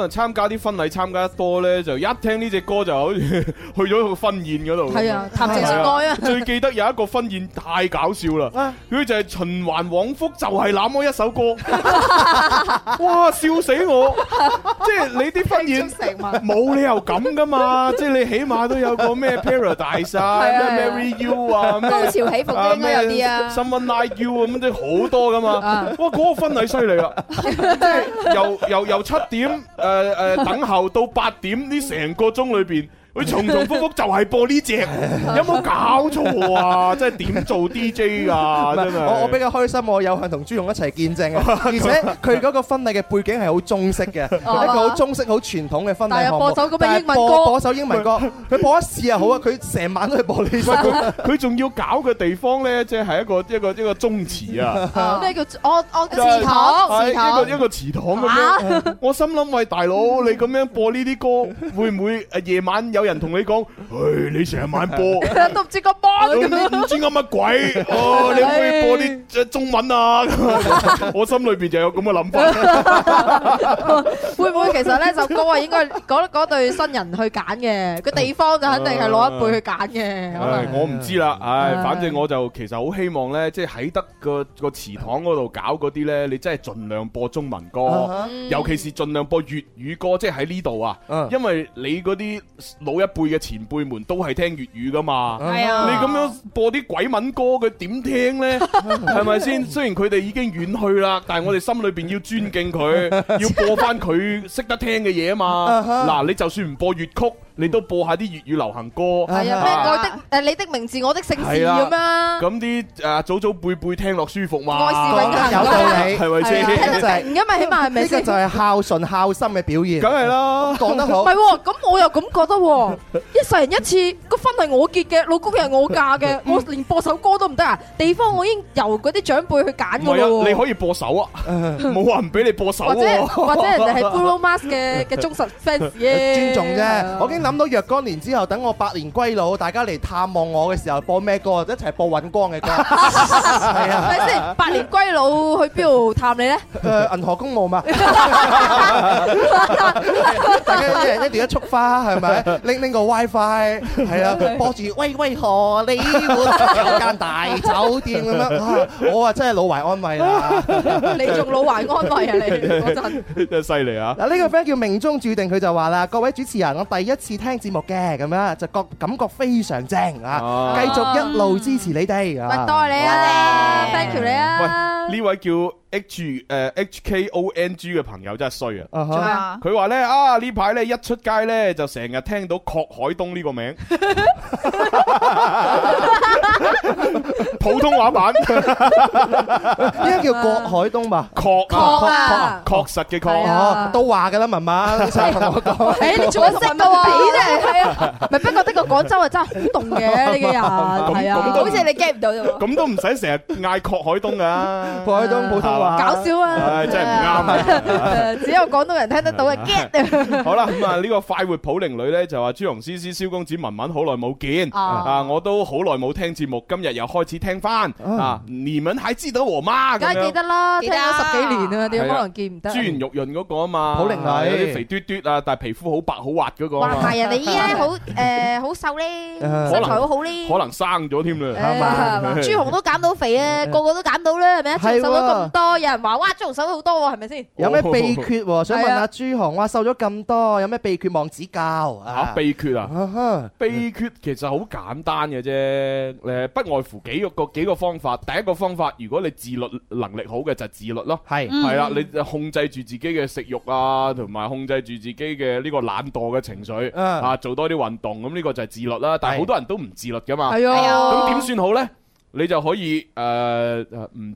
可能參加啲婚禮參加得多咧，就一聽呢隻歌就好似去咗個婚宴嗰度。係啊，談情說愛啊！最記得有一個婚宴太搞笑啦，佢就係循環往復，就係那麼一首歌。哇！笑死我！即係你啲婚宴冇理由咁噶嘛？即係你起碼都有個咩 Paradise、Marry You 啊、高潮起伏啲咩、Someone Like You 咁，即係好多噶嘛？哇！嗰個婚禮犀利啦！即係由由由七點。誒誒、呃呃，等候到八點呢？成個鐘裏邊。佢重重複複就係播呢隻，有冇搞錯啊？即係點做 DJ 噶？真係我我比較開心，我有幸同朱紅一齊見證嘅，而且佢嗰個婚禮嘅背景係好中式嘅，一個好中式好傳統嘅婚禮項目。但係播首咁嘅英文歌，播首英文歌，佢播一次啊好啊，佢成晚都係播呢首。佢佢仲要搞嘅地方咧，即係一個一個一個宗祠啊。咩叫我我祠堂？一個一個祠堂咁樣。我心諗喂大佬，你咁樣播呢啲歌，會唔會夜晚有人？人同你講，誒，你成日播都唔知個波都唔知噏乜鬼哦！你可以播啲即中文啊，我心裏邊就有咁嘅諗法。會唔會其實咧，首歌啊，應該嗰嗰對新人去揀嘅，個地方就肯定係攞一輩去揀嘅。我唔知啦，誒，反正我就其實好希望咧，即係喺得個個祠堂嗰度搞嗰啲咧，你真係盡量播中文歌，尤其是盡量播粵語歌，即係喺呢度啊，因為你嗰啲。老一輩嘅前輩們都係聽粵語噶嘛，哎、呦你咁樣播啲鬼文歌，佢點聽呢？係咪先？雖然佢哋已經遠去啦，但係我哋心裏邊要尊敬佢，要播翻佢識得聽嘅嘢啊嘛。嗱， [laughs] 你就算唔播粵曲。你都播下啲粵語流行歌，係啊咩？愛的誒，你的名字，我的姓氏咁啊！咁啲誒，祖祖輩輩聽落舒服嘛？愛是永恆，係咪先？聽得明嘅咪，起碼係咪先？呢個就係孝順孝心嘅表現。梗係啦，講得好。唔係喎，咁我又咁覺得喎。一世人一次，個婚係我結嘅，老公又係我嫁嘅，我連播首歌都唔得啊！地方我已經由嗰啲長輩去揀㗎喇。你可以播首啊，冇話唔俾你播首。或者或者人哋係 Bruno Mars 嘅嘅忠實 fans 耶。尊重啫，我驚。諗到若干年之後，等我百年歸老，大家嚟探望我嘅時候，播咩歌？一齊播尹光嘅歌。係 [laughs] 啊，睇先。百年歸老去邊度探你咧？誒、呃，銀河公墓嘛 [laughs] [laughs] [laughs] 大。大家一人一束花，係咪？拎拎個 WiFi，係啊，是播住喂喂何你？你我有間大酒店咁樣、啊。我啊真係老懷安慰啦。 [laughs] 你仲老懷安慰啊？你講真，真係犀利啊！嗱、啊，呢、這個 friend 叫命中注定，佢就話啦：，各位主持人，我第一次。聽節目嘅咁樣，就覺感覺非常正啊！繼、哦、續一路支持你哋，喂、哦，啊、多謝你啊，thank you 你啊，喂，呢位叫。H 誒 H K O N G 嘅朋友真係衰啊！佢話咧啊，呢排咧一出街咧就成日聽到郝海東呢個名，普通話版應該叫郭海東吧？確確啊，確實嘅確都話嘅啦，媽媽。誒你仲識㗎喎？真係係啊！咪不過呢個廣州啊，真係好凍嘅呢啲人係啊，好似你 get 唔到咁，都唔使成日嗌郝海東噶，郭海東普通。搞笑啊！誒，真係唔啱啊！只有廣東人聽得到啊，get 啊！好啦，咁啊呢個快活普寧女咧就話：朱紅絲絲、蕭公子、文文好耐冇見啊！我都好耐冇聽節目，今日又開始聽翻啊！年文太知道我媽咁樣，梗係記得啦，聽咗十幾年啊，點可能記唔得？珠圓玉潤嗰個啊嘛，普寧女，有啲肥嘟嘟啊，但係皮膚好白好滑嗰個。話唔埋人哋依家好誒好瘦咧，身材好好咧，可能生咗添啦。朱紅都減到肥啊，個個都減到啦，係咪啊？一齊瘦咗咁多。哦、有人話哇，朱紅瘦咗好多，係咪先？有咩秘訣？哦、想問下朱紅，話瘦咗咁多，有咩秘訣望指教啊？秘訣啊，秘訣其實好簡單嘅啫，誒，不外乎幾個幾個方法。第一個方法，如果你自律能力好嘅，就自律咯。係係啦，你控制住自己嘅食欲啊，同埋控制住自己嘅呢個懶惰嘅情緒、嗯、啊，做多啲運動，咁呢個就係自律啦。但係好多人都唔自律噶嘛，是啊，咁點算好咧？你就可以誒唔、呃、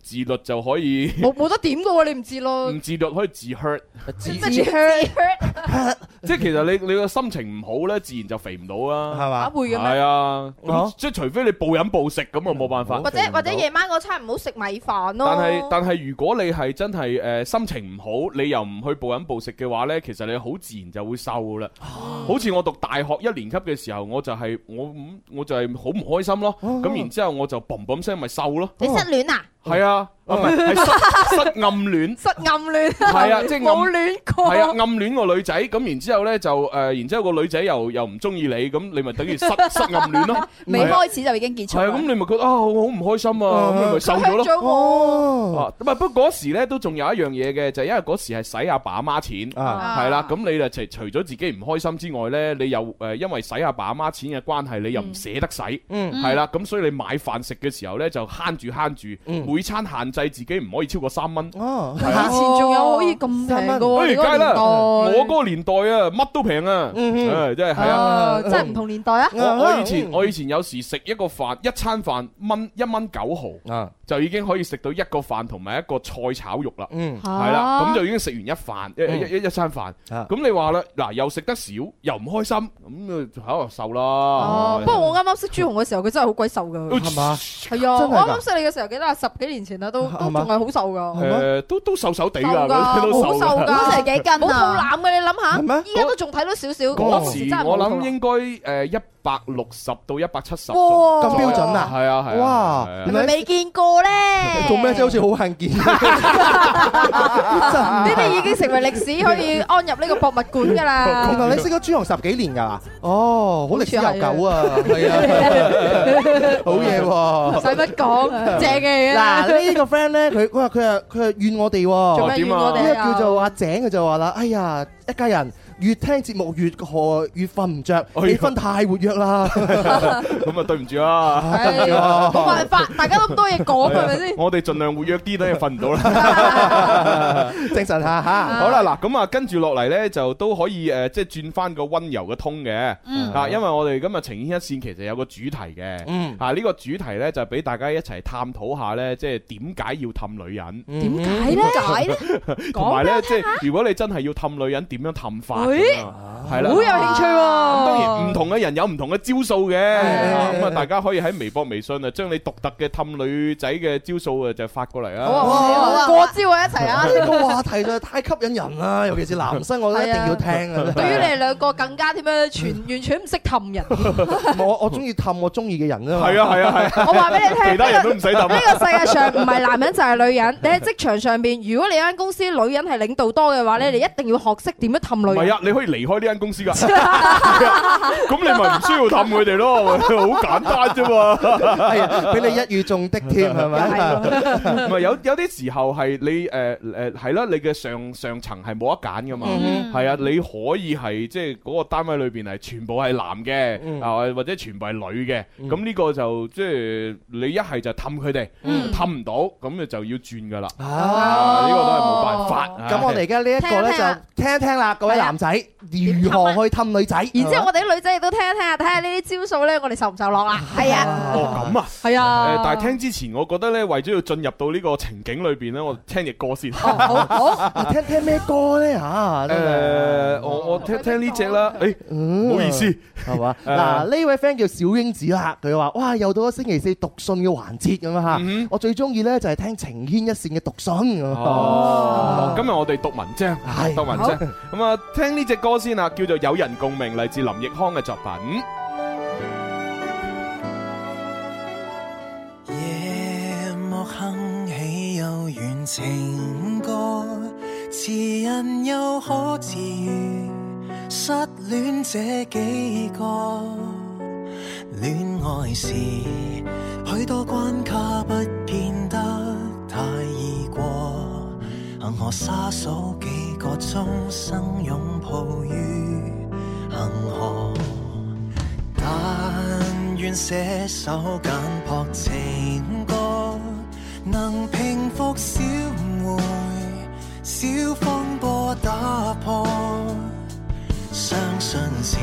自律就可以，冇冇得點嘅喎、啊，你唔自律。唔 [laughs] 自律可以自 hurt，自 hurt， [laughs] 即係其實你你個心情唔好咧，自然就肥唔到啦，係嘛？會嘅咩？係啊，即係除非你暴飲暴食咁，就冇、啊啊、辦法。或者或者夜晚嗰餐唔好食米飯咯、啊。但係但係如果你係真係誒、呃、心情唔好，你又唔去暴飲暴食嘅話咧，其實你好自然就會瘦啦。好似我讀大學一年級嘅時候，我就係、是、我我就係好唔開心咯。咁、啊、然之後，後我就咁聲咪、就是、瘦咯！你失戀啊？係啊，唔係失失暗戀，失暗戀係啊，即係暗戀個係啊，暗戀個女仔咁，然之後咧，就誒，然之後個女仔又又唔中意你，咁你咪等於失失暗戀咯，未開始就已經結束係啊，咁你咪覺得啊，好唔開心啊，你咪瘦咗咯。咁啊，不過嗰時咧都仲有一樣嘢嘅，就係因為嗰時係使阿爸阿媽錢，係啦，咁你咧除除咗自己唔開心之外咧，你又誒因為使阿爸阿媽錢嘅關係，你又唔捨得使，係啦，咁所以你買飯食嘅時候咧就慳住慳住。每餐限制自己唔可以超過三蚊。以前仲有可以咁平嘅，我嗰個年代啊，乜都平啊，啊，真係啊，真係唔同年代啊。我我以前我以前有時食一個飯，一餐飯蚊一蚊九毫啊，就已經可以食到一個飯同埋一個菜炒肉啦。嗯，係啦，咁就已經食完一飯一一一一餐飯。咁你話啦，嗱又食得少又唔開心，咁就喺度瘦啦。不過我啱啱識朱紅嘅時候，佢真係好鬼瘦㗎。係嘛？係啊，我啱啱識你嘅時候，記得啊十幾年前啦，都都仲係好瘦噶，誒，都都瘦瘦地啦，好瘦，都成幾斤，冇肚腩嘅，你諗下，依家都仲睇到少少。朱紅，我諗應該誒一百六十到一百七十，咁標準啊，係啊，係，哇，未見過咧，做咩啫？好似好罕見，呢啲已經成為歷史，可以安入呢個博物館噶啦。原來你識咗朱紅十幾年噶啦，哦，好歷史悠久啊，係啊，好嘢喎，使乜講正嘅嘢？嗱、 [laughs] 啊這個、呢個 friend 咧，佢佢話佢話佢話怨我哋喎，點啊？呢、啊啊、個叫做阿井，佢就話啦，哎呀，一家人。越聽節目越何越瞓唔着，你瞓太活躍啦。咁啊，對唔住啊，冇辦法，大家都咁多嘢講，係咪先？我哋盡量活躍啲，都係瞓唔到啦。精神下，吓。好啦，嗱咁啊，跟住落嚟咧，就都可以誒，即係轉翻個溫柔嘅通嘅。啊，因為我哋今日情牽一線其實有個主題嘅。嗯。啊，呢個主題咧，就俾大家一齊探討下咧，即係點解要氹女人？點解咧？講同埋咧，即係如果你真係要氹女人，點樣氹法？咦，係啦，好有興趣喎。當然唔同嘅人有唔同嘅招數嘅，咁啊，大家可以喺微博、微信啊，將你獨特嘅氹女仔嘅招數啊，就發過嚟啦。哇，過招一齊啊！呢個話題就太吸引人啦，尤其是男生我都一定要聽啊。對於你哋兩個更加點樣全完全唔識氹人？我我中意氹我中意嘅人啊嘛。係啊係啊係。我話俾你聽，其他人都唔使氹。呢個世界上唔係男人就係女人，你喺職場上邊，如果你間公司女人係領導多嘅話咧，你一定要學識點樣氹女人。你可以離開呢間公司㗎，咁你咪唔需要氹佢哋咯，好 [laughs] 簡單啫、 [laughs] [laughs] 呃、嘛。係啊、嗯，俾你一語中的添，係咪？唔係有有啲時候係你誒誒係啦，你嘅上上層係冇得揀㗎嘛。係啊，你可以係即係個單位裏邊係全部係男嘅，啊、嗯、或者全部係女嘅。咁呢、嗯、個就即係、就是、你一係就氹佢哋，氹唔、嗯、到咁你就要轉㗎啦。啊，呢、啊這個都係冇辦法。咁、啊、我哋而家呢一個咧就聽一聽啦，各位男仔如何去氹女仔？然之後我哋啲女仔亦都聽一聽啊，睇下呢啲招數咧，我哋受唔受落啊？係啊，哦咁啊，係啊。但係聽之前，我覺得咧，為咗要進入到呢個情景裏邊咧，我聽隻歌先。好，聽聽咩歌咧吓？誒，我我聽聽呢隻啦。誒，唔好意思，係嘛？嗱，呢位 friend 叫小英子啦，佢話：哇，又到咗星期四讀信嘅環節咁啊嚇！我最中意咧就係聽晴軒一線嘅讀信。哦，今日我哋讀文章，係讀文章咁啊，聽。呢隻歌先啊，叫做《有人共鳴》，嚟自林奕匡嘅作品。夜幕哼起悠遠情歌，詞人又可治愈失戀者幾個戀愛時許多關卡，不見得太易過，行何沙手？幾。我終生擁抱於恒河，但願寫首簡樸情歌，能平復小誤會，小風波打破。相信是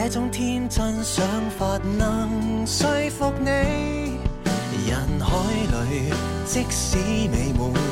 這種天真想法能說服你，人海裏即使未滿。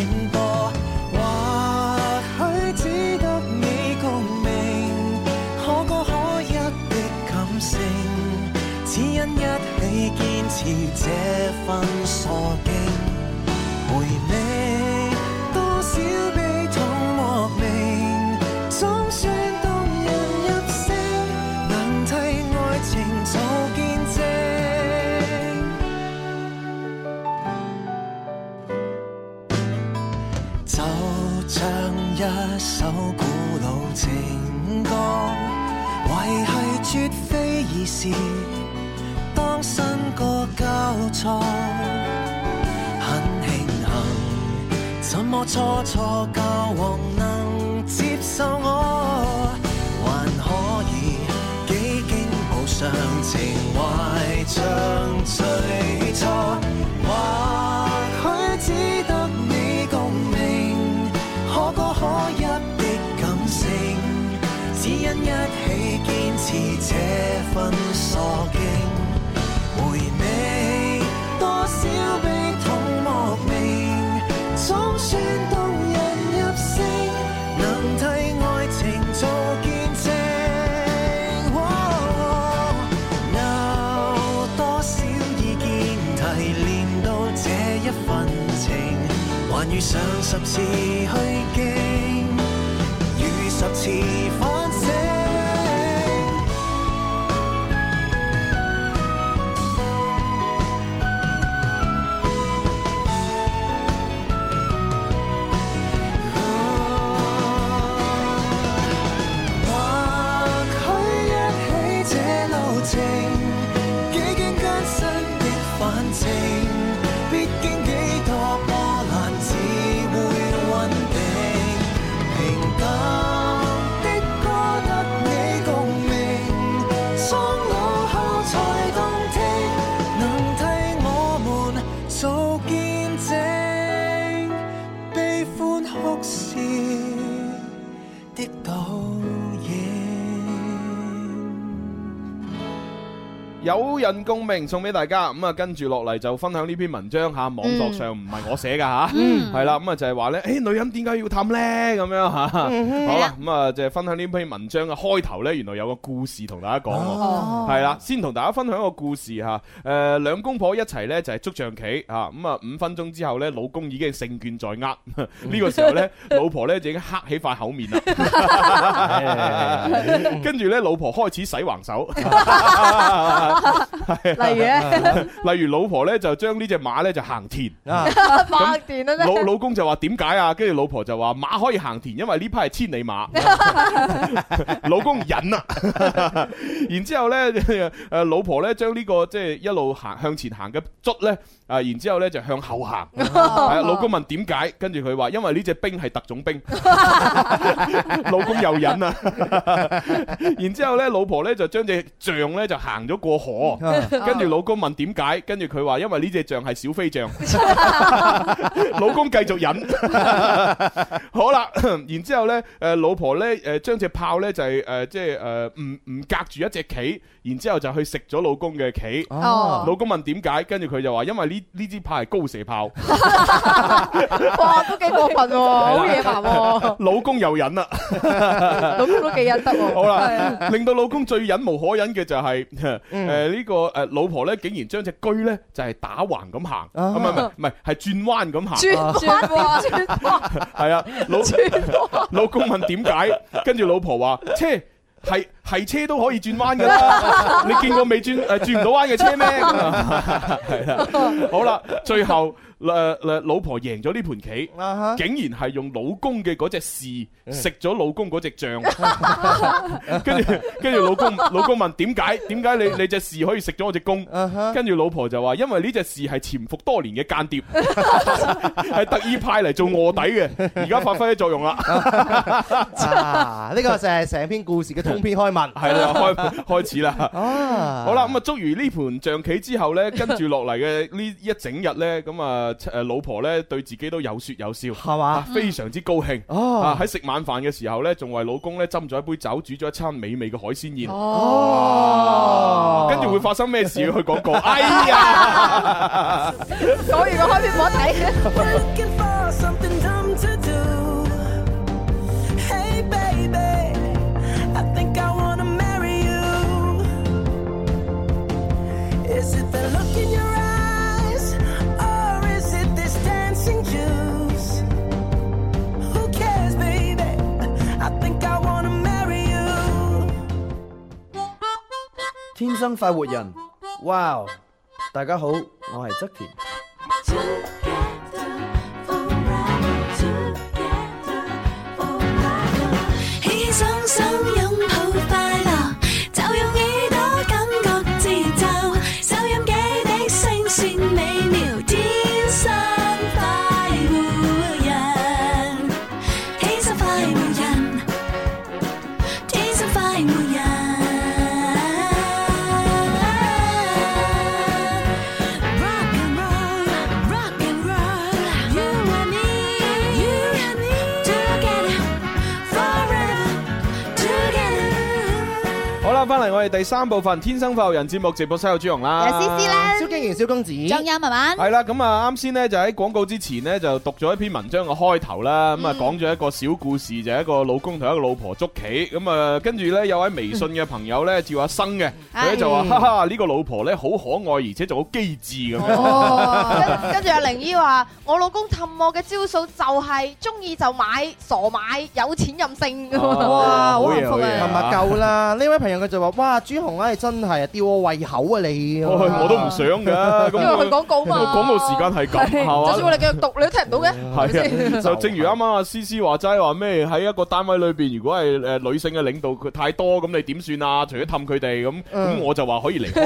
當身過交錯，很慶幸，怎麼初初交往能接受我，還可以幾經補償，情懷像最初，或許只得你共鳴，可歌可泣的感性，只因一起。這份傻勁，回味多少悲痛莫名，總算動人入勝，能替愛情做見證。有、哦哦、多少意見提煉到這一份情，還遇上十次虛驚，遇十次。有印功名送俾大家，咁啊跟住落嚟就分享呢篇文章吓、啊，網絡上唔係我寫噶吓，係、啊、啦，咁啊、嗯嗯、就係話咧，誒、欸、女人點解要氹咧咁樣吓，啊嗯、哼好啦，咁、嗯、啊就係、是、分享呢篇文章嘅開頭咧，原來有個故事同大家講，係啦、哦，先同大家分享一個故事吓，誒兩公婆一齊咧就係捉象棋啊，咁、呃就是、啊、嗯、五分鐘之後咧，老公已經勝券在握，呢、啊這個時候咧， [laughs] 老婆咧就已經黑起塊口面啦，啊、 [laughs] [laughs] 跟住咧，老婆開始洗橫手。啊啊啊啊啊 [laughs] 例如呢， [laughs] 例如老婆咧就將呢隻馬咧就行田啊，馬行田啊。老老公就話點解啊？跟住老婆就話馬可以行田，因為呢匹係千里馬。 [laughs] [laughs] 老公忍啊。 [laughs] 然之後咧，誒，老婆咧將呢、這個即係、就是、一路行向前行嘅卒咧，啊，然之後咧就向後行。係啊 [laughs] [laughs] [laughs] 老公問點解？跟住佢話因為呢隻兵係特種兵。 [laughs] 老公又忍啊。 [laughs] 然之後咧，老婆咧就將隻象咧就行咗過。婆跟住老公問點解？跟住佢話因為呢隻象係小飛象。 [laughs] [laughs] 老公繼續忍。 [laughs] 好啦，然之後咧，誒，老婆咧，誒、呃，將隻炮呢就係、是、誒，即係誒，唔、就、唔、是呃、隔住一隻棋，然之後就去食咗老公嘅棋。啊啊、老公問點解？跟住佢就話因為呢呢支炮係高射炮。 [laughs] [laughs] 哇，都幾過分、啊，好野蠻。老公又忍啦。 [laughs] 老公都幾忍得。 [laughs] 好啦了， [laughs] 令到老公最忍無可忍嘅就係、是。嗯誒，呢、呃這個誒、呃，老婆咧竟然將隻車咧就係、是、打橫咁行，唔係唔係係轉彎咁行。轉彎、啊，轉彎，係彎 [laughs] [laughs] 啊，老轉彎 [laughs] 老公問點解，跟住老婆話車係係車都可以轉彎噶啦， [laughs] 你見過未轉誒轉唔到彎嘅車咩？係 [laughs] 啦、啊，好啦、啊，最後。誒老婆贏咗呢盤棋，竟然係用老公嘅嗰隻士食咗老公嗰隻象，跟住跟住老公老公問點解？點解你你隻士可以食咗我隻公？ [laughs] 跟住老婆就話：因為呢隻士係潛伏多年嘅間諜，係 [laughs] 特意派嚟做臥底嘅，而家發揮咗作用啦。 [laughs] [laughs] 啊，呢、就係成成篇故事嘅通篇開文，係啦，開始啦。 [laughs] 啊、好啦，咁啊，捉完呢盤象棋之後呢，跟住落嚟嘅呢一整日呢。咁、嗯、啊～、嗯誒，老婆咧對自己都有說有笑，係嘛吧，非常之高興。哦、啊，喺食、啊、晚飯嘅時候咧，仲為老公咧斟咗一杯酒，煮咗一餐美味嘅海鮮宴。哦、啊，跟住、啊啊、會發生咩事去講過？哎呀，講完個開篇我睇。 [laughs] [music] 天生快活人，哇、wow！大家好，我係側田。嚟，我哋第三部分《天生快活人》節目直播室有朱容啦。 [laughs] 蕭公子，張欣係嘛？係啦，咁啊，啱先咧就喺廣告之前咧就讀咗一篇文章嘅開頭啦，咁啊講咗一個小故事，就一個老公同一個老婆捉棋，咁啊跟住咧有位微信嘅朋友咧叫阿生嘅，佢咧就話：哈哈呢個老婆咧好可愛，而且仲好機智咁。哦，跟住阿玲姨話：我老公氹我嘅招數就係中意就買，傻買，有錢任性咁。哇，好幸福啊！咪夠啦，呢位朋友佢就話：哇，朱紅啊，真係啊吊我胃口啊你。我都唔想嘅。因為佢廣告嘛，廣告時間係咁，係嘛。就算我哋繼續讀，你都聽唔到嘅。係啊，就正如啱啱阿思思話齋話咩？喺一個單位裏邊，如果係誒女性嘅領導佢太多，咁你點算啊？除咗氹佢哋咁，咁我就話可以離開。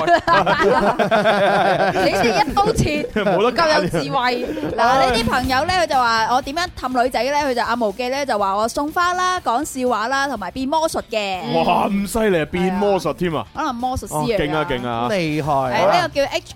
你真係一刀切，冇得咁有智慧。嗱呢啲朋友咧，佢就話我點樣氹女仔咧？佢就阿無忌咧就話我送花啦，講笑話啦，同埋變魔術嘅。哇，咁犀利啊！變魔術添啊？可能魔術師啊？勁啊勁啊！厲害。係呢個叫 H。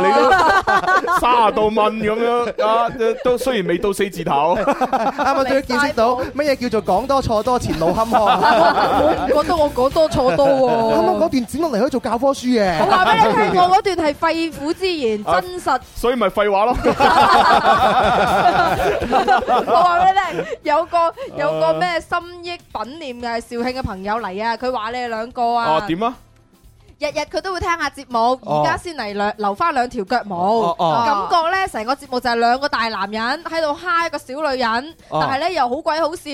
你都卅度蚊咁樣啊，都雖然未到四字頭，啱啱都要見識到乜嘢叫做講多錯多前路坎坷。我唔覺得我講多錯多喎。啱啱嗰段剪落嚟，可以做教科書嘅。我話俾你聽，我嗰段係肺腑之言，真實。所以咪廢話咯。我話俾你聽，有個有個咩心益品念嘅係肇慶嘅朋友嚟啊！佢話你哋兩個啊。哦，點啊？日日佢都會聽下節目，而家先嚟兩留返兩條腳毛，感覺咧成個節目就係兩個大男人喺度蝦一個小女人，但係咧又好鬼好笑，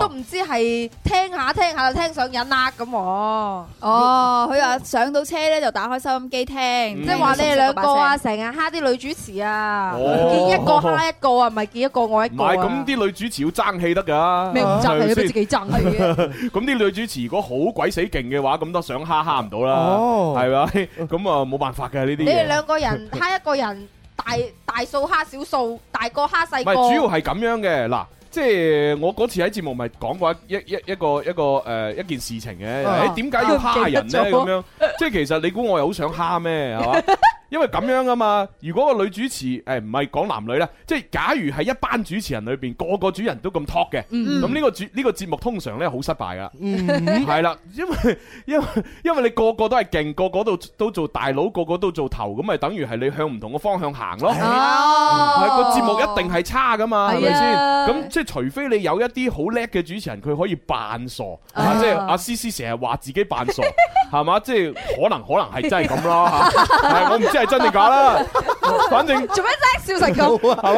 都唔知係聽下聽下就聽上癮啦咁。哦，佢話上到車咧就打開收音機聽，即係話你哋兩個啊，成日蝦啲女主持啊，見一個蝦一個啊，咪見一個愛一個啊。唔係咁啲女主持要爭氣得㗎，咩唔爭氣俾自己爭氣嘅。咁啲女主持如果好鬼死勁嘅話，咁都想蝦蝦唔到啦。哦，係咪？咁啊，冇辦法嘅呢啲。你哋兩個人蝦一個人 [laughs] 大大數蝦小數，大個蝦細個。唔係，主要係咁樣嘅。嗱，即係我嗰次喺節目咪講過一一一,一,一個一個誒一件事情嘅。誒、oh.，點解要蝦人咧？咁樣，即係其實你估我又好想蝦咩？係嘛？ [laughs] 因為咁樣啊嘛，如果個女主持誒唔係講男女咧，即係假如係一班主持人裏邊個個主人都咁 top 嘅，咁呢個主呢個節目通常咧好失敗噶，係啦，因為因為因為你個個都係勁，個個都都做大佬，個個都做頭，咁咪等於係你向唔同嘅方向行咯，係個節目一定係差噶嘛，係咪先？咁即係除非你有一啲好叻嘅主持人，佢可以扮傻，即係阿思思成日話自己扮傻，係嘛？即係可能可能係真係咁咯，係我唔。係真定假啦，反正做咩真笑成咁，係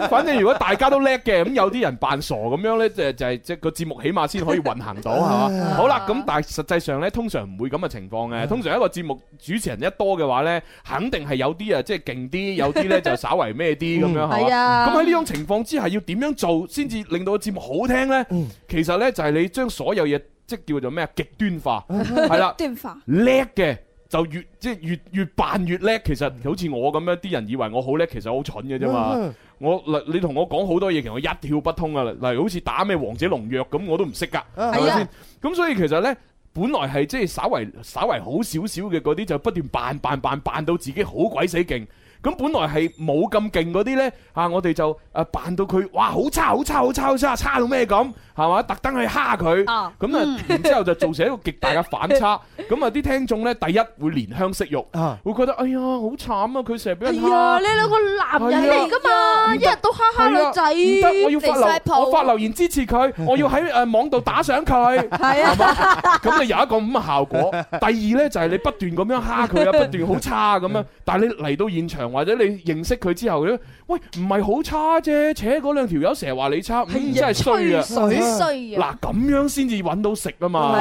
嘛？反正如果大家都叻嘅，咁有啲人扮傻咁樣咧，就就係即個節目起碼先可以運行到，係嘛？好啦，咁但係實際上咧，通常唔會咁嘅情況嘅。通常一個節目主持人一多嘅話咧，肯定係有啲啊，即係勁啲，有啲咧就稍為咩啲咁樣，係啊，咁喺呢種情況之下，要點樣做先至令到個節目好聽咧？其實咧就係你將所有嘢即叫做咩極端化，係啦，極端化叻嘅。就越即係越越扮越叻，其實好似我咁樣，啲人以為我好叻，其實好蠢嘅啫嘛。Yeah. 我嗱你同我講好多嘢，其實我一竅不通噶，例如好似打咩王者農藥咁，我都唔識噶，係咪先？咁所以其實呢，本來係即係稍微稍微好少少嘅嗰啲，就不斷扮扮扮扮到自己好鬼死勁。咁本來係冇咁勁嗰啲呢，吓、啊、我哋就誒扮、啊、到佢哇好差好差好差好差差，差到咩咁。係嘛？特登去蝦佢，咁啊，然之後就造成一個極大嘅反差。咁啊，啲聽眾咧，第一會憐香惜玉，會覺得哎呀好慘啊！佢成日俾人係啊，你兩個男人嚟噶嘛，一日都蝦蝦女仔，唔得！我要發留我發留言支持佢，我要喺誒網度打賞佢，係啊，咁你有一個咁嘅效果。第二咧就係你不斷咁樣蝦佢啊，不斷好差咁樣，但係你嚟到現場或者你認識佢之後咧，喂唔係好差啫，扯嗰兩條友成日話你差，真係衰啊！需要嗱咁樣先至揾到食啊嘛！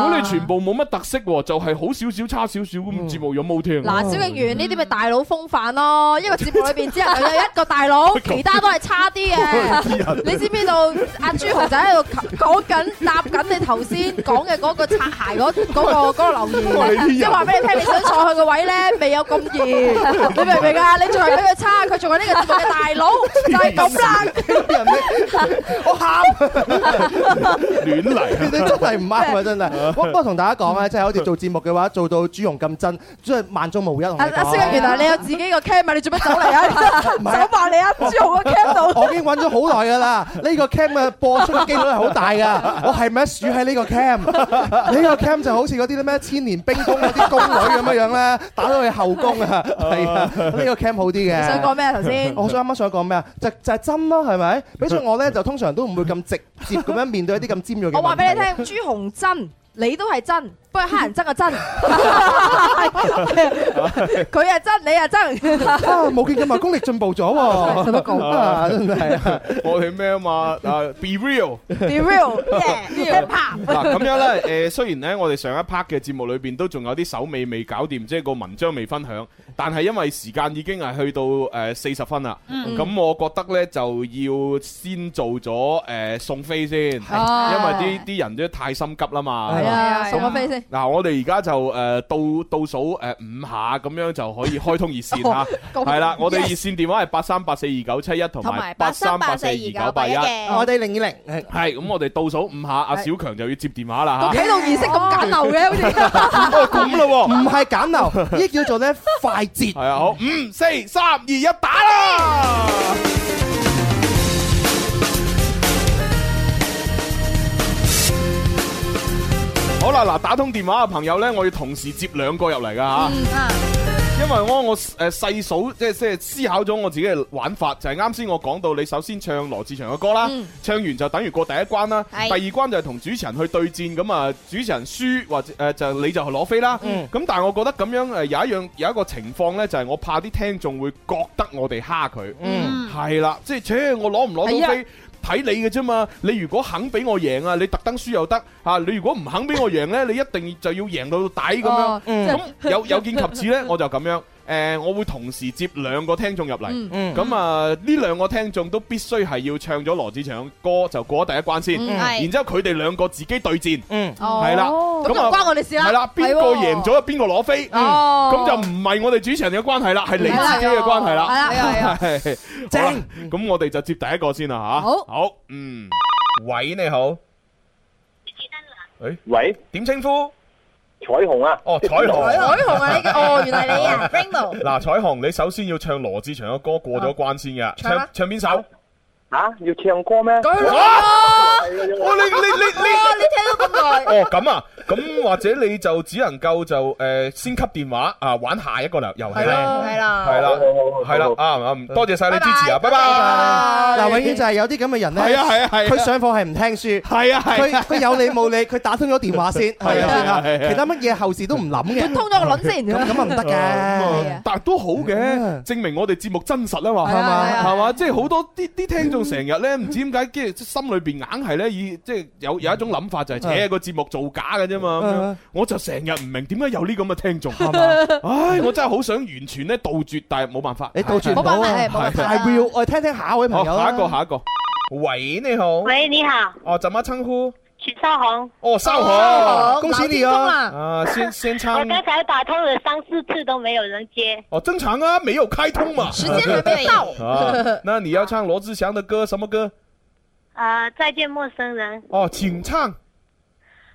如果你全部冇乜特色，就係好少少差少少咁節目有冇添？嗱，小月月呢啲咪大佬風範咯，一個節目裏邊只係佢有一個大佬，其他都係差啲嘅。你知唔知道阿朱豪仔喺度講緊搭緊你頭先講嘅嗰個擦鞋嗰嗰個個留言，即係話俾你聽，你想坐佢個位咧，未有咁易，你明唔明啊？你仲係比佢差，佢仲係呢個節目嘅大佬，就係咁啦。我喊。亂嚟 [laughs] 來，你真係唔啱啊！真係， [laughs] 我我同大家講啊，即係好似做節目嘅話，做到朱融咁真，真係萬中無一跟。我知啊,啊，原來你有自己個 cam [laughs] 啊！ [laughs] 是 [laughs] 你做乜走嚟啊？唔好話你啊，朱融個 cam 度。我已經揾咗好耐噶啦，呢、這個 cam 嘅播出嘅幾率係好大噶。我係咪咧？鼠喺呢個 cam，呢 [laughs] 個 cam 就好似嗰啲咩千年冰宮嗰啲宮女咁樣樣咧，打到去後宮 [laughs] [laughs] 啊！係、這、啊、個，呢個 cam 好啲嘅。剛剛想講咩啊？頭先，我想啱啱想講咩啊？就就是、係真咯，係咪？比起我咧，就通常都唔會咁直。接咁樣面對一啲咁尖銳嘅嘢， [laughs] 我話俾你聽，朱紅真，你都係真。不如黑人憎啊真，佢啊真，你啊真，冇見噶嘛，功力進步咗喎。使乜講啊？係啊，我哋咩啊嘛？b e real，be r e a l r e r e a l 嗱咁樣咧，誒，雖然咧，我哋上一 part 嘅節目裏邊都仲有啲首尾未搞掂，即係個文章未分享，但係因為時間已經係去到誒四十分啦，咁我覺得咧就要先做咗誒送飛先，因為啲啲人都太心急啦嘛。係啊，送飛先。嗱，我哋而家就誒倒倒數誒五下咁樣就可以開通熱線吓，係啦，我哋熱線電話係八三八四二九七一，同埋八三八四二九八一，我哋零二零。係，咁我哋倒數五下，阿是小強就要接電話啦。咁啟動儀式咁簡陋嘅，好似咁咯喎，唔係簡陋，依叫做咧快捷。係啊、 [laughs] [laughs] 嗯，好，五、四、三、二、一，打啦！.好啦，嗱，打通電話嘅朋友呢，我要同時接兩個入嚟噶吓，嗯嗯、因為我我誒細數即係思考咗我自己嘅玩法，就係啱先我講到，你首先唱羅志祥嘅歌啦，嗯、唱完就等於過第一關啦，是第二關就係同主持人去對戰，咁、嗯、啊主持人輸或者誒、呃、就你就去攞飛啦，咁、嗯嗯、但係我覺得咁樣誒有一樣有一個情況呢，就係、是、我怕啲聽眾會覺得我哋蝦佢，係、嗯嗯、啦，即係，我攞唔攞到飛？睇你嘅啫嘛，你如果肯俾我贏啊，你特登輸又得嚇，你如果唔肯俾我贏呢，你一定就要贏到到底咁樣。咁有有見及此呢，我就咁樣。誒，我會同時接兩個聽眾入嚟，咁啊，呢兩個聽眾都必須係要唱咗羅志祥嘅歌，就過咗第一關先，然之後佢哋兩個自己對戰，係啦，咁啊關我哋事啦，係啦，邊個贏咗邊個攞飛，咁就唔係我哋主持人嘅關係啦，係你自己嘅關係啦，係啦，係，正，咁我哋就接第一個先啦，吓，好，好，嗯，喂，你好，誒，喂，點稱呼？彩虹,啊哦、彩虹啊！哦， [laughs] 彩虹、啊，彩虹係你哦，原嚟你啊，Rainbow。嗱， [laughs] 彩虹，你首先要唱羅志祥嘅歌過咗關先㗎，唱唱邊首？啊啊，要唱歌咩？啊，哇，你你你你，你聽到咁大？哦，咁啊，咁或者你就只能夠就誒，先扱電話啊，玩下一個遊遊戲啦。係啦，係啦，係啦，啊，多謝晒你支持啊，拜拜。嗱，永遠就係有啲咁嘅人咧，係啊，佢上課係唔聽書，係啊，佢佢有理冇理，佢打通咗電話先，係啊，其他乜嘢後事都唔諗嘅。通咗個輪先，咁咁啊唔得嘅，但係都好嘅，證明我哋節目真實啊嘛，係嘛，係嘛，即係好多啲啲聽眾。成日咧唔知點解，即係心裏邊硬係咧以即係有有一種諗法，就係，就係扯個節目造假嘅啫嘛。嗯、我就成日唔明點解有呢咁嘅聽眾，係嘛？唉，我真係好想完全咧杜絕，但係冇辦法。你杜倒絕唔到啊，係太 will 我哋聽聽下一位朋友，哦。下一個，下一個。喂，你好。喂，你好。哦，怎麼稱呼？許少紅哦，少紅，哦、少紅恭喜你哦！啊，呃、先先唱， [laughs] 我剛才打通了三四次都沒有人接。哦，正常啊，沒有開通嘛， [laughs] 時間還沒到、 [laughs] 啊。那你要唱羅志祥的歌，什麼歌？啊，再見陌生人。哦，請唱。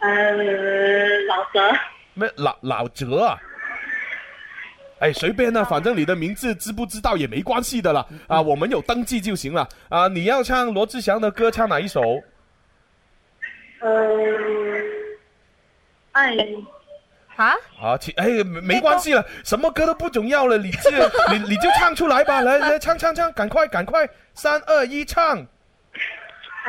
呃、嗯，老哲沒，老老哲啊？哎，隨便呢、啊，反正你的名字知不知道也沒關係的啦。嗯、哼啊，我們有登記就行了。啊，你要唱羅志祥的歌，唱哪一首？嗯，哎、嗯，哈？好、啊，哎，沒關係了，什麼歌都不重要了，你就 [laughs] 你你就唱出來吧，來來唱唱唱，趕快趕快，三二一唱。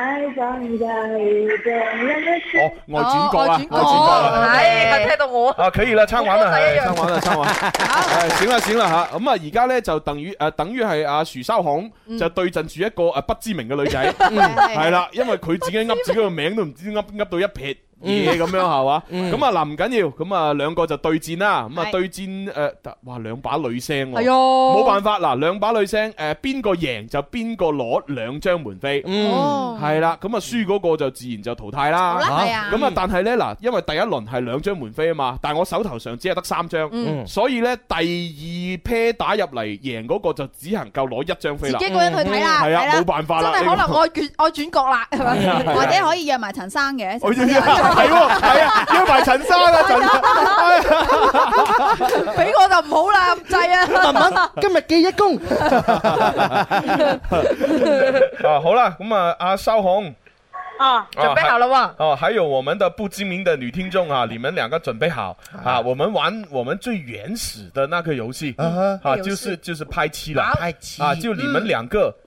啊、轉哦，外轉角啊，哦、外轉角啊，係、哎，是聽到我啊，啊，可以啦，唱完啦，唱完啦，唱完，閃啦，閃啦吓，咁 [laughs] 啊，而家咧就等於誒、啊，等於係阿徐修紅就對陣住一個誒不知名嘅女仔，係啦，因為佢自己噏自己個名都唔知噏噏到一撇。嘢咁樣係嘛？咁啊嗱唔緊要，咁啊兩個就對戰啦，咁啊對戰誒，哇兩把女聲，係喲，冇辦法，嗱兩把女聲，誒邊個贏就邊個攞兩張門飛，哦，係啦，咁啊輸嗰個就自然就淘汰啦，係啊，咁啊但係咧嗱，因為第一輪係兩張門飛啊嘛，但係我手頭上只係得三張，所以咧第二 pair 打入嚟贏嗰個就只能夠攞一張飛啦，自己個人去睇啦。係啊，冇辦法啦，真係可能愛轉愛轉角啦，或者可以約埋陳生嘅。係喎，係啊，要埋襯衫啊，俾我就唔好啦，唔制啊，今日記一功啊，好啦，咁啊，阿少紅啊，紅啊啊準備好了嘛？哦、啊，還有我們的不知名的女聽眾啊，你們兩個準備好 [laughs] 啊？我們玩我們最原始的那個遊戲啊，就是就是拍七了、啊、拍七！啊，就你們兩個、嗯。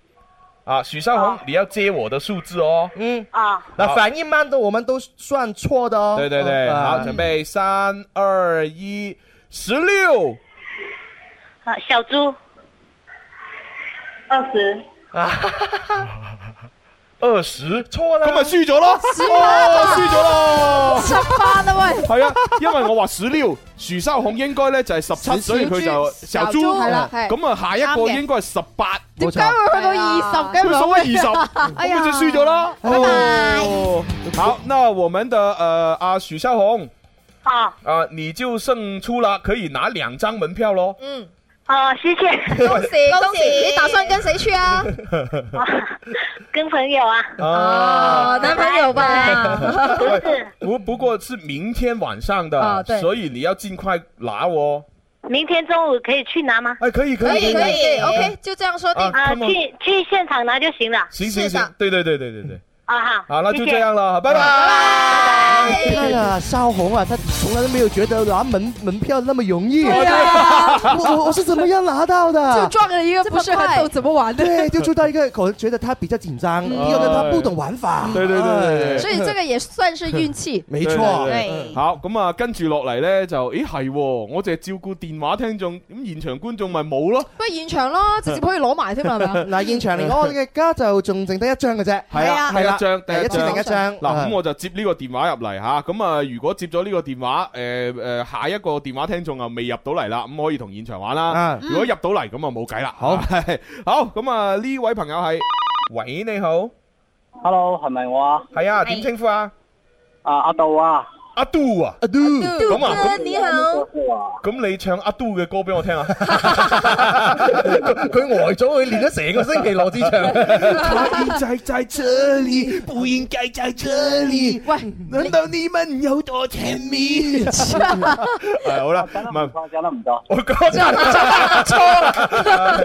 啊，許少紅，啊、你要接我的數字哦。嗯，啊，那、啊、反應慢的我們都算錯的哦。對對對，啊、好，嗯、準備三二一，十六。啊，小豬，二十。啊 [laughs] 二十錯啦，咁咪輸咗咯，輸咗，輸咗咯，十八啦喂，係啊，因為我話十六，徐少紅應該咧就係十七，所以佢就小豬，係啦，咁啊下一個應該係十八，點解會去到二十？佢數到二十，咁就輸咗啦。好，好，那我們的誒阿徐少紅，好，啊你就勝出了，可以拿兩張門票咯。嗯。哦，謝謝，恭喜恭喜！你打算跟誰去啊？跟朋友啊。哦，男朋友吧？不是，不，不過是明天晚上的。所以你要盡快拿哦。明天中午可以去拿嗎？哎，可以可以可以。OK，就這樣說定。啊，去去現場拿就行了。行，行，行，對對對對對對。啊好。好，那就這樣了。拜拜拜拜。你看啊，少紅啊，他。從來都沒有覺得拿門門票那麼容易。對啊，我我我是怎麼樣拿到的？就撞了一個，這麼快都怎麼玩？對，就中到一個，可能覺得他比較緊張，呢個他不懂玩法。對對對，所以這個也算是運氣。沒錯。好，咁啊，跟住落嚟呢，就，誒係，我淨係照顧電話聽眾，咁現場觀眾咪冇咯？不過現場咯，直接可以攞埋添，係咪？嗱，現場連我哋嘅家就仲剩得一張嘅啫。係啊，係一張，第一張。嗱，咁我就接呢個電話入嚟吓，咁啊，如果接咗呢個電話。誒誒，下一個電話聽眾啊，未入到嚟啦，咁可以同現場玩啦。如果入到嚟，咁啊冇計啦。好，好，咁啊呢位朋友係，喂，你好，Hello，係咪我啊？係啊，點稱呼啊？啊，阿杜啊。阿杜啊，阿杜咁啊，你好，咁你唱阿杜嘅歌俾我聽啊！佢呆咗，佢練咗成個星期羅志祥。應該在這裡，不應該在這裡。喂，難道你們有多甜蜜？好啦，唔係，做得唔多。我講錯，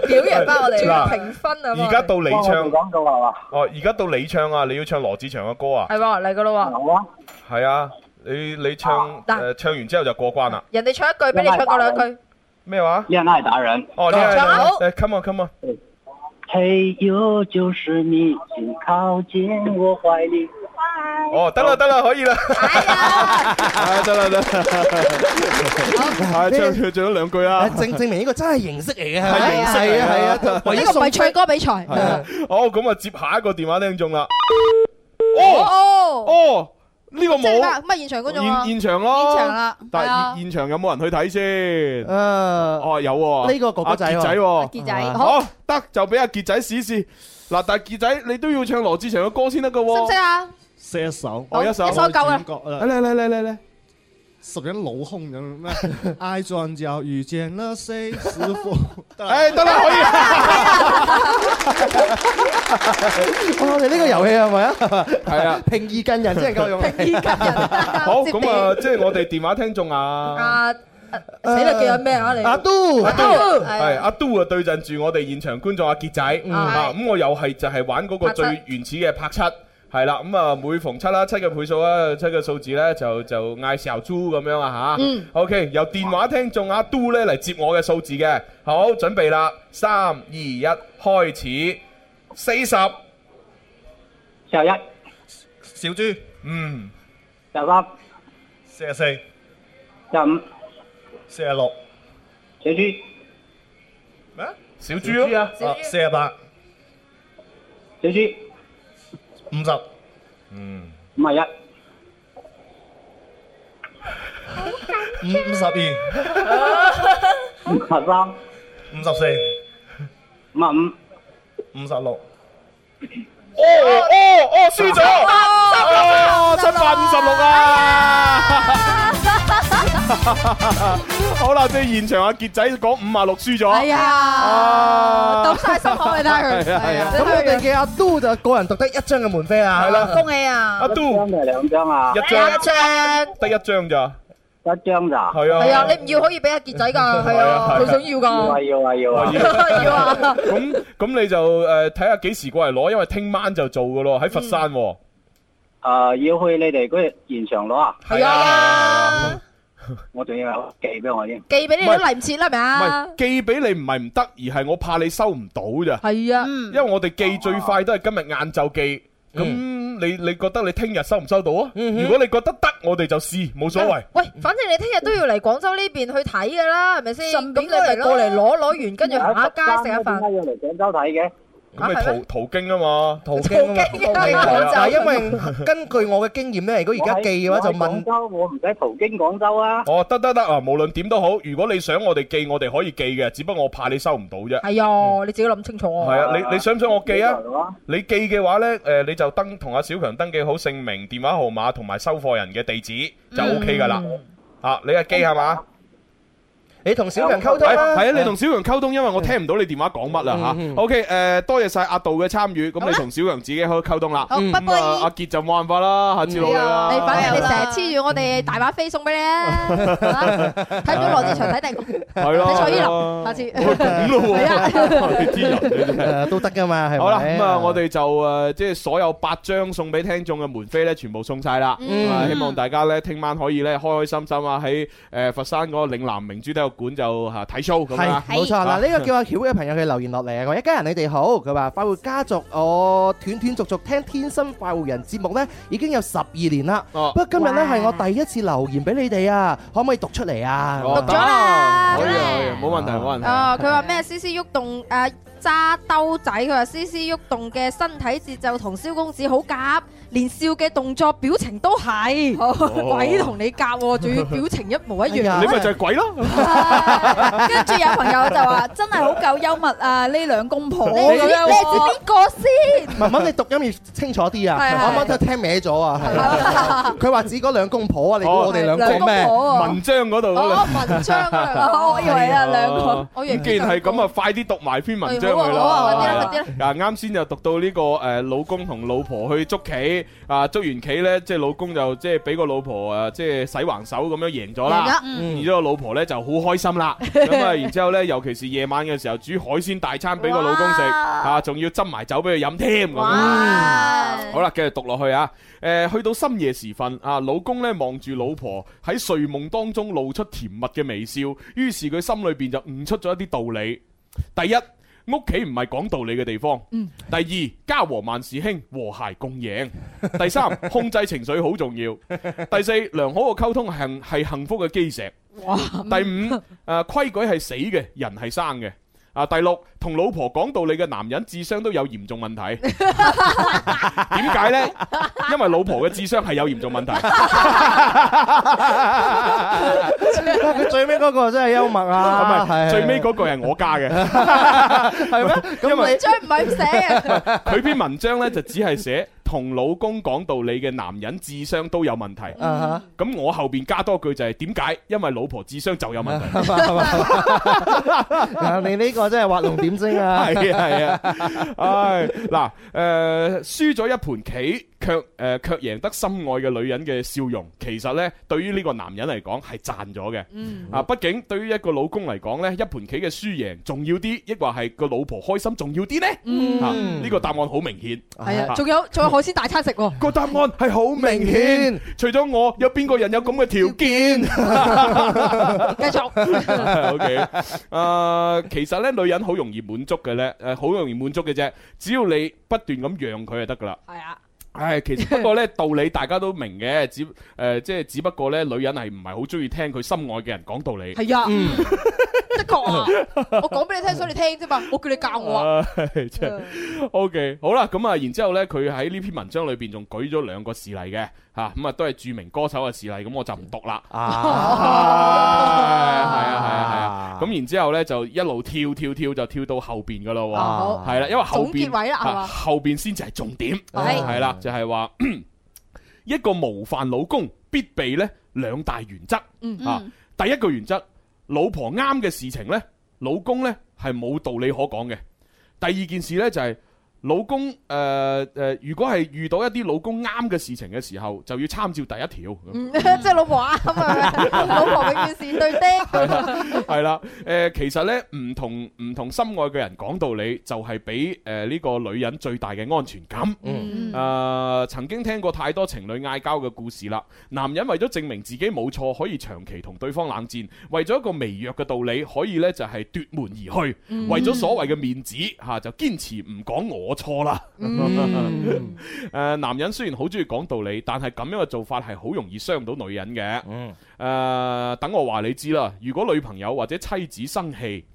表揚翻我哋。嗱，評分啊，而家到你唱，講句話話，哦，而家到你唱啊，你要唱羅志祥嘅歌啊，係喎，嚟噶啦喎，係啊。你你唱誒，唱完之後就過關啦，人哋唱一句，俾你唱過兩句，咩話？戀愛達人哦，唱好誒，come 啊 come 啊，嘿呦，就是你靠近我懷裏，哦，得啦得啦，可以啦，得啦得啦，啊，唱唱咗兩句啊，證證明呢個真係形式嚟嘅，係形式啊係啊，呢個唔係唱歌比賽，係啊，好咁啊，接下一個電話聽眾啦，哦哦。呢個冇，唔係現場觀眾咯，現場咯，現場啦。但係現場有冇人去睇先？呃、啊,哦有喎、啊，呢個哥哥仔，阿、啊杰，啊啊、杰仔，好得就俾阿杰仔試試。嗱，但係杰仔你都要唱羅志祥嘅歌先得噶，識唔識啊？識一首，我好、哦、一首，一首夠啦。嚟嚟嚟嚟嚟嚟。屬於老烘咁咩？愛轉角遇見了誰？師傅，誒，得啦，可以。我哋呢個遊戲係咪啊？係啊，平易近人真係夠用。平易近人。好，咁啊，即係我哋電話聽眾啊。啊，死啦叫咩啊你？阿都，阿都係阿都啊，對陣住我哋現場觀眾阿杰仔。啊，吓咁我又係就係玩嗰個最原始嘅拍七。係啦，咁啊，每逢七啦，七嘅倍數啦，七嘅數字咧就就嗌小豬咁樣啊吓。嗯。O K，由電話聽眾阿嘟咧嚟接我嘅數字嘅。好，準備啦，三二一，開始。四十。四十一。小豬。嗯。四十三。四十四。四十五。四十六。小豬。咩？小豬啊？小豬。四十八。小豬。五十，嗯，五十一，五五十二，五十三，五十四，五十五，五十六。哦哦哦，輸咗，哦，七百五十六啊！ [laughs] 哎呀 [laughs] 好啦，即係現場阿杰仔講五啊六輸咗。係啊，抌晒心口啊，戴強，係啊係啊。咁我哋嘅阿 do 就個人獨得一張嘅門飛啊，係啦，恭喜啊，阿 do，一張定係兩張啊？一張，一張，得一張咋？一張咋？係啊，係啊，你唔要可以俾阿杰仔噶，係啊，佢想要噶，要啊要啊，要啊，咁咁你就誒睇下幾時過嚟攞，因為聽晚就做噶咯，喺佛山，誒要去你哋嗰日現場攞啊？係啊。我仲要寄俾我先，寄俾你都嚟唔切啦，係咪啊？唔係寄俾你唔係唔得，而係我怕你收唔到咋。係啊，因為我哋寄最快都係今日晏晝寄，咁你你覺得你聽日收唔收到啊？如果你覺得得，我哋就試，冇所謂。喂，反正你聽日都要嚟廣州呢邊去睇噶啦，係咪先？咁你過嚟攞，攞完，跟住行下街食下飯。突然間要嚟廣州睇嘅。咁你途途經啊嘛，途經啊嘛。但係因為根據我嘅經驗咧，如果而家寄嘅話就問。廣州我唔使途經廣州啊。哦，得得得啊，無論點都好，如果你想我哋寄，我哋可以寄嘅，只不過我怕你收唔到啫。係啊，你自己諗清楚啊。係啊，你你想唔想我寄啊？你寄嘅話咧，誒，你就登同阿小強登記好姓名、電話號碼同埋收貨人嘅地址就 OK 噶啦。啊，你係寄係嘛？你同小楊溝通啦，係啊，你同小楊溝通，因為我聽唔到你電話講乜啦吓。O K，誒，多謝晒阿杜嘅參與，咁你同小楊自己去溝通啦。阿杰就冇辦法啦，下次啦。你反你成日黐住我哋大把飛送俾你啊！睇唔到羅志祥睇定？個，係咯，睇蔡依林，下次點咯？都得噶嘛，好啦，咁啊，我哋就誒，即係所有八張送俾聽眾嘅門飛咧，全部送晒啦。希望大家咧，聽晚可以咧，開開心心啊，喺誒佛山嗰個嶺南明珠度。管就嚇睇 show 咁啊，冇錯嗱，呢個叫阿曉嘅朋友佢留言落嚟啊，我一家人你哋好，佢話快活家族，我斷斷續續聽天生快活人節目咧已經有十二年啦，不過今日咧係我第一次留言俾你哋啊，可唔可以讀出嚟啊？讀咗，可以，冇問題，冇問題啊！佢話咩？C C 喐動誒。揸兜仔，佢話：詩詩喐動嘅身體節奏同蕭公子好夾，連笑嘅動作表情都係鬼同你夾，仲要表情一模一樣。你咪就係鬼咯！跟住有朋友就話：真係好夠幽默啊！呢兩公婆，你指邊個先？文文，你讀音要清楚啲啊！啱啱都聽歪咗啊！佢話指嗰兩公婆啊，你估我哋兩公婆咩？文章嗰度哦，文章我以為係啊，兩個。既然係咁啊，快啲讀埋篇文章。啦，嗱啱先就讀到呢、這個誒、呃，老公同老婆去捉棋，啊捉完棋呢，即係老公就即係俾個老婆啊，即係洗橫手咁樣贏咗啦。然之後老婆呢就好開心啦。咁啊，然之後咧，尤其是夜晚嘅時候，煮海鮮大餐俾個老公食哇啊，仲要斟埋酒俾佢飲添。哇好啦，繼續讀落去啊。誒、呃，去到深夜時分啊，老公呢望住老婆喺睡夢當中露出甜蜜嘅微笑，於是佢心裏邊就悟出咗一啲道理。第一。屋企唔係講道理嘅地方。第二，家和萬事興，和諧共贏。第三，控制情緒好重要。第四，良好嘅溝通係幸福嘅基石。第五，誒、啊，規矩係死嘅，人係生嘅。啊！第六，同老婆講道理嘅男人智商都有嚴重問題。點解咧？因為老婆嘅智商係有嚴重問題。 [laughs] [laughs] 最尾嗰個真係幽默啊！唔係、啊，是最尾嗰個係我加嘅，係咩 [laughs] 嗎？ [laughs] 因為文章唔係咁寫嘅。佢篇文章咧就只係寫。同老公講道理嘅男人智商都有問題，咁、uh huh. 我後邊加多句就係點解？因為老婆智商就有問題。 [laughs] [laughs] [laughs] 你呢個真係畫龍點睛啊！係啊係啊，唉嗱、啊，誒、啊，輸、呃、咗一盤棋。卻誒，卻贏得心愛嘅女人嘅笑容，其實咧，對於呢個男人嚟講係賺咗嘅。嗯啊，畢竟對於一個老公嚟講咧，一盤棋嘅輸贏重要啲，抑或係個老婆開心重要啲咧？嗯，呢個答案好明顯。係啊，仲有仲有海鮮大餐食。個答案係好明顯，除咗我，有邊個人有咁嘅條件？繼續。O K，誒，其實咧，女人好容易滿足嘅咧，誒，好容易滿足嘅啫，只要你不斷咁讓佢啊，就得噶啦。係啊。係，其實不過咧，道理大家都明嘅。只誒，即係只不過咧，女人係唔係好中意聽佢心愛嘅人講道理？係呀，的確啊，我講俾你聽想你聽啫嘛，我叫你教我啊。OK，好啦，咁啊， [laughs] okay, 然之後咧，佢喺呢，呢篇文章裏邊仲舉咗兩個事例嘅。啊，咁啊都係著名歌手嘅事例，咁我就唔讀啦。啊，係啊係啊係啊，咁然之後呢，就一路跳跳跳，就跳到後邊噶咯。好，係啦，因為後邊位啦，後邊先至係重點。係，係啦，就係話一個模範老公必備咧兩大原則。啊，第一個原則，老婆啱嘅事情呢，老公呢係冇道理可講嘅。第二件事呢，就係。老公誒誒、呃，如果係遇到一啲老公啱嘅事情嘅時候，就要參照第一條，即係 [laughs] [laughs] [laughs] 老婆啱啊！老婆嘅件事對爹。係啦。誒、呃，其實呢，唔同唔同心愛嘅人講道理，就係俾誒呢個女人最大嘅安全感。嗯誒、呃，曾經聽過太多情侶嗌交嘅故事啦。男人為咗證明自己冇錯，可以長期同對方冷戰；為咗一個微弱嘅道理，可以呢就係、是、奪門而去；為咗所謂嘅面子，吓、啊、就堅持唔講我。嗯我錯啦，誒，男人雖然好中意講道理，但係咁樣嘅做法係好容易傷到女人嘅。誒、嗯呃，等我話你知啦，如果女朋友或者妻子生氣，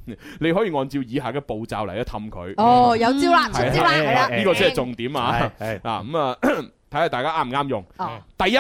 你可以按照以下嘅步驟嚟，一氹佢。哦，嗯、有招啦，有招啦，呢個先係重點啊！嗱，咁啊，睇、嗯、下、啊、 [coughs] 大家啱唔啱用。哦、第一。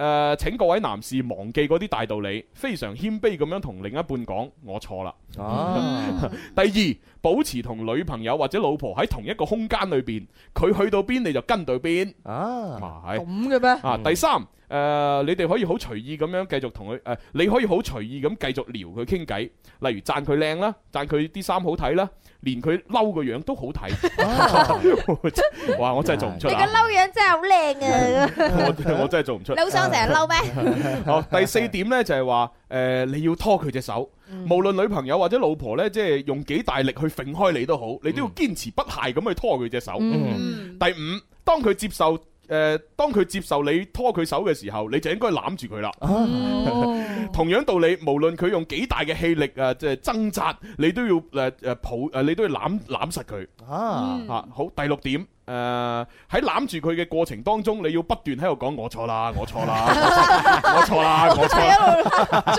誒、呃、請各位男士忘記嗰啲大道理，非常謙卑咁樣同另一半講，我錯啦。啊， [laughs] 第二，保持同女朋友或者老婆喺同一個空間裏邊，佢去到邊你就跟到邊。啊，咁嘅咩？啊，第三，誒、呃，你哋可以好隨意咁樣繼續同佢誒，你可以好隨意咁繼續撩佢傾偈，例如讚佢靚啦，讚佢啲衫好睇啦。連佢嬲個樣都好睇 [laughs] ，哇！我真係做唔出啊！你個嬲樣真係好靚啊！ [laughs] 我真係做唔出生生。 [laughs] 你好想成日嬲咩？好，第四點呢就係話，誒、呃，你要拖佢隻手，嗯、無論女朋友或者老婆呢，即係用幾大力去揈開你都好，你都要堅持不懈咁去拖佢隻手。嗯嗯、第五，當佢接受。誒，當佢接受你拖佢手嘅時候，你就應該攬住佢啦，啊。 [laughs] 同樣道理，無論佢用幾大嘅氣力啊，即係掙扎，你都要誒誒抱誒，你都要攬攬實佢。啊嚇， [laughs] 好，第六點。誒，喺攬住佢嘅過程當中，你要不斷喺度講我錯啦，我錯啦，我錯啦， [laughs] 我錯，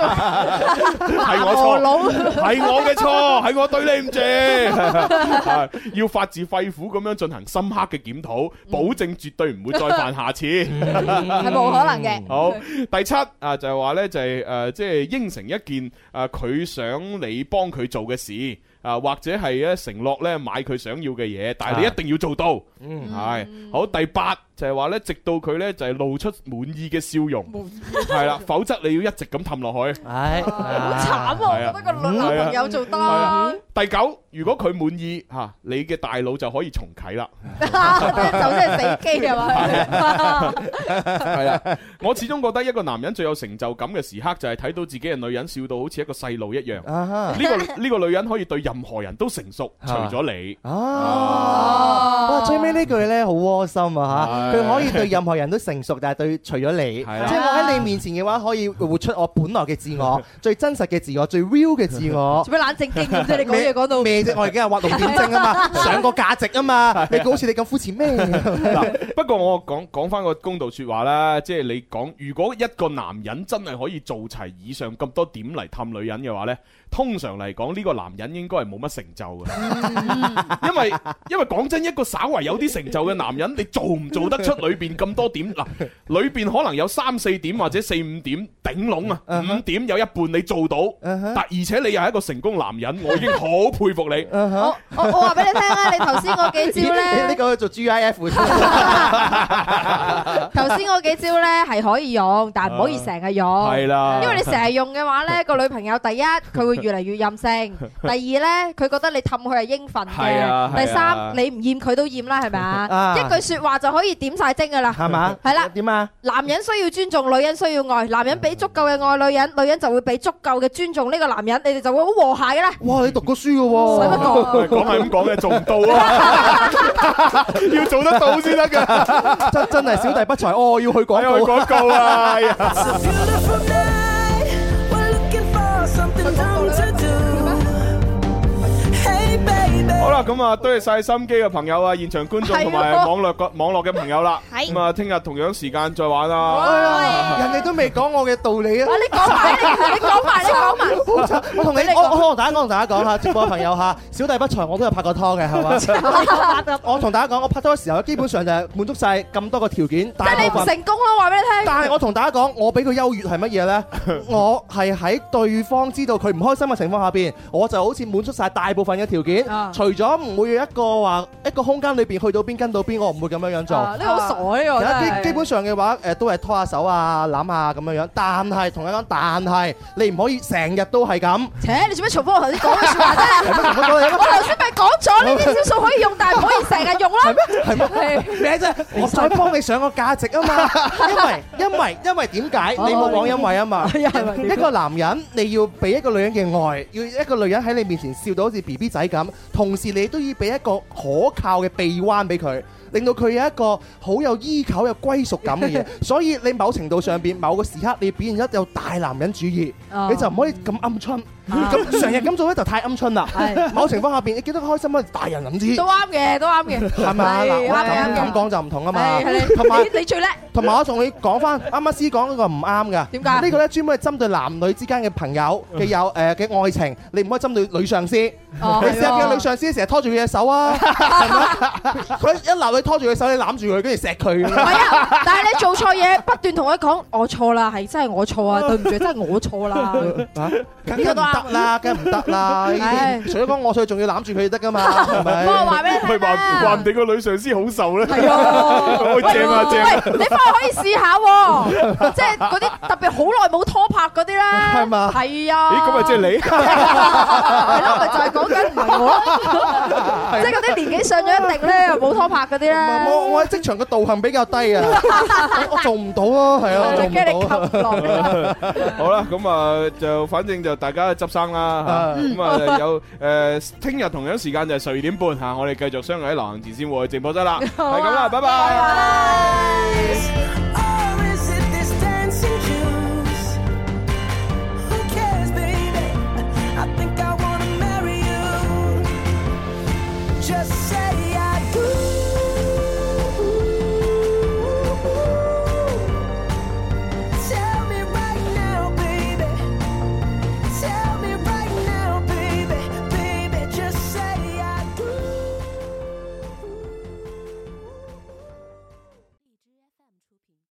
係 [laughs] [laughs] 我錯錯，係 [laughs] 我嘅錯，係 [laughs] 我對你唔住，要發自肺腑咁樣進行深刻嘅檢討，保證絕對唔會再犯下次，係 [laughs] 冇可能嘅。好，第七啊、呃，就係話呢，就係誒，即係應承一件誒，佢想你幫佢做嘅事。啊，或者係一承諾，咧買佢想要嘅嘢，但係你一定要做到。啊、是嗯，係好，第八。就係話咧，直到佢咧就係露出滿意嘅笑容，係啦，否則你要一直咁氹落去。唉，好慘啊！我覺得個女朋友做得。第九，如果佢滿意嚇，你嘅大腦就可以重啟啦。就真係死機係嘛？係啊！我始終覺得一個男人最有成就感嘅時刻，就係睇到自己嘅女人笑到好似一個細路一樣。呢個，呢個女人可以對任何人都成熟，除咗你。啊！哇！最尾呢句咧好窩心啊嚇！佢 [music] 可以對任何人都成熟，但係對除咗你，的即係我喺你面前嘅話，可以活出我本來嘅自我，最真實嘅自我，最 real 嘅自我。佢 [laughs] 冷靜勁，即係你講嘢講到咩啫？我而家係畫龍點睛啊嘛， [laughs] 的上個價值啊嘛，你好似你咁膚淺咩？嗱，不過我講講翻個公道説話啦，即係你講，如果一個男人真係可以做齊以上咁多點嚟氹女人嘅話呢，通常嚟講呢個男人應該係冇乜成就嘅， [laughs] 因為因為講真，一個稍為有啲成就嘅男人，你做唔做得？ [laughs] [laughs] 出裏邊咁多點嗱，裏邊可能有三四點或者四五點頂籠啊，五點有一半你做到，但而且你又係一個成功男人，我已經好佩服你。好，我我話俾你聽咧，你頭先嗰幾招咧，呢個做 G I F，頭先嗰幾招咧係可以用，但唔可以成日用。係啦，因為你成日用嘅話咧，個女朋友第一佢會越嚟越任性，第二咧佢覺得你氹佢係應份嘅，第三你唔厭佢都厭啦，係咪啊？一句說話就可以。點晒精噶啦，係嘛？係啦，點啊？男人需要尊重，女人需要愛。男人俾足夠嘅愛女人，女人就會俾足夠嘅尊重呢個男人。你哋就會好和諧啦。哇，你讀過書噶？講係咁講嘅，做唔到啊！要做得到先得噶，真真係小弟不才哦，要去廣告。好啦，咁啊，多謝晒心機嘅朋友啊，現場觀眾同埋網絡嘅網絡嘅朋友啦。咁啊，聽日同樣時間再玩啊！係啊，人哋都未講我嘅道理啊！啊，你講埋啦，你講埋，你講埋。我同你，我我同大家，我同大家講下直播嘅朋友吓，小弟不才，我都有拍過拖嘅，係嘛？我同大家講，我拍拖嘅時候，基本上就係滿足晒咁多個條件。即係你成功咯，話俾你聽。但係我同大家講，我俾佢優越係乜嘢咧？我係喺對方知道佢唔開心嘅情況下邊，我就好似滿足晒大部分嘅條件，除。除咗唔會有一個話一個空間裏邊去到邊跟到邊，我唔會咁樣樣做。你好傻呢個！有啲基本上嘅話，誒都係拖下手啊、攬下咁樣樣。但係同一講，但係你唔可以成日都係咁。扯！你做咩重複我頭先講嘅説話啫？我頭先咪講咗呢啲招數可以用，但係唔可以成日用咯。係咩？係咩？咩啫？我再幫你上個價值啊嘛！因為因為因為點解？你冇講因為啊嘛？一個男人你要俾一個女人嘅愛，要一個女人喺你面前笑到好似 BB 仔咁，同。你都要俾一個可靠嘅臂彎俾佢，令到佢有一個好有依靠、有歸屬感嘅嘢。所以你某程度上邊某個時刻，你表現一有大男人主義，你就唔可以咁鵪鶉。咁成日咁做咧就太鵪鶉啦。某種情況下邊，你記得開心咧，大人諗知。都啱嘅，都啱嘅。係咪啊？嗱，我咁講就唔同啊嘛。係，同埋你最叻。同埋我同你講翻，啱啱先講嗰個唔啱嘅。點解？呢個咧專門針對男女之間嘅朋友嘅友誒嘅愛情，你唔可以針對女上司。哦。你試下叫女上司成日拖住佢隻手啊？係咪？佢一男嘅拖住佢手，你攬住佢跟住錫佢。係啊。但係你做錯嘢，不斷同佢講我錯啦，係真係我錯啊，對唔住，真係我錯啦。啊？呢個都啱。得啦，梗係唔得啦！除咗講我衰，仲要攬住佢得㗎嘛？係咪？唔係話話唔定個女上司好受咧。係喎，正啊正。喂，你翻去可以試下喎，即係嗰啲特別好耐冇拖拍嗰啲咧。係嘛？係啊。咦？咁咪，即係你係咯？咪就係講緊唔同咯。即係嗰啲年紀上咗一定咧，又冇拖拍嗰啲咧。我我喺職場嘅道行比較低啊，我做唔到咯，係啊，做唔到。好啦，咁啊，就反正就大家。執生啦嚇，咁啊有誒，聽日同樣時間就係十二點半嚇、啊，我哋繼續相約喺《流行前線》會去直播室啦，係咁、啊、啦，拜拜 bye。Bye bye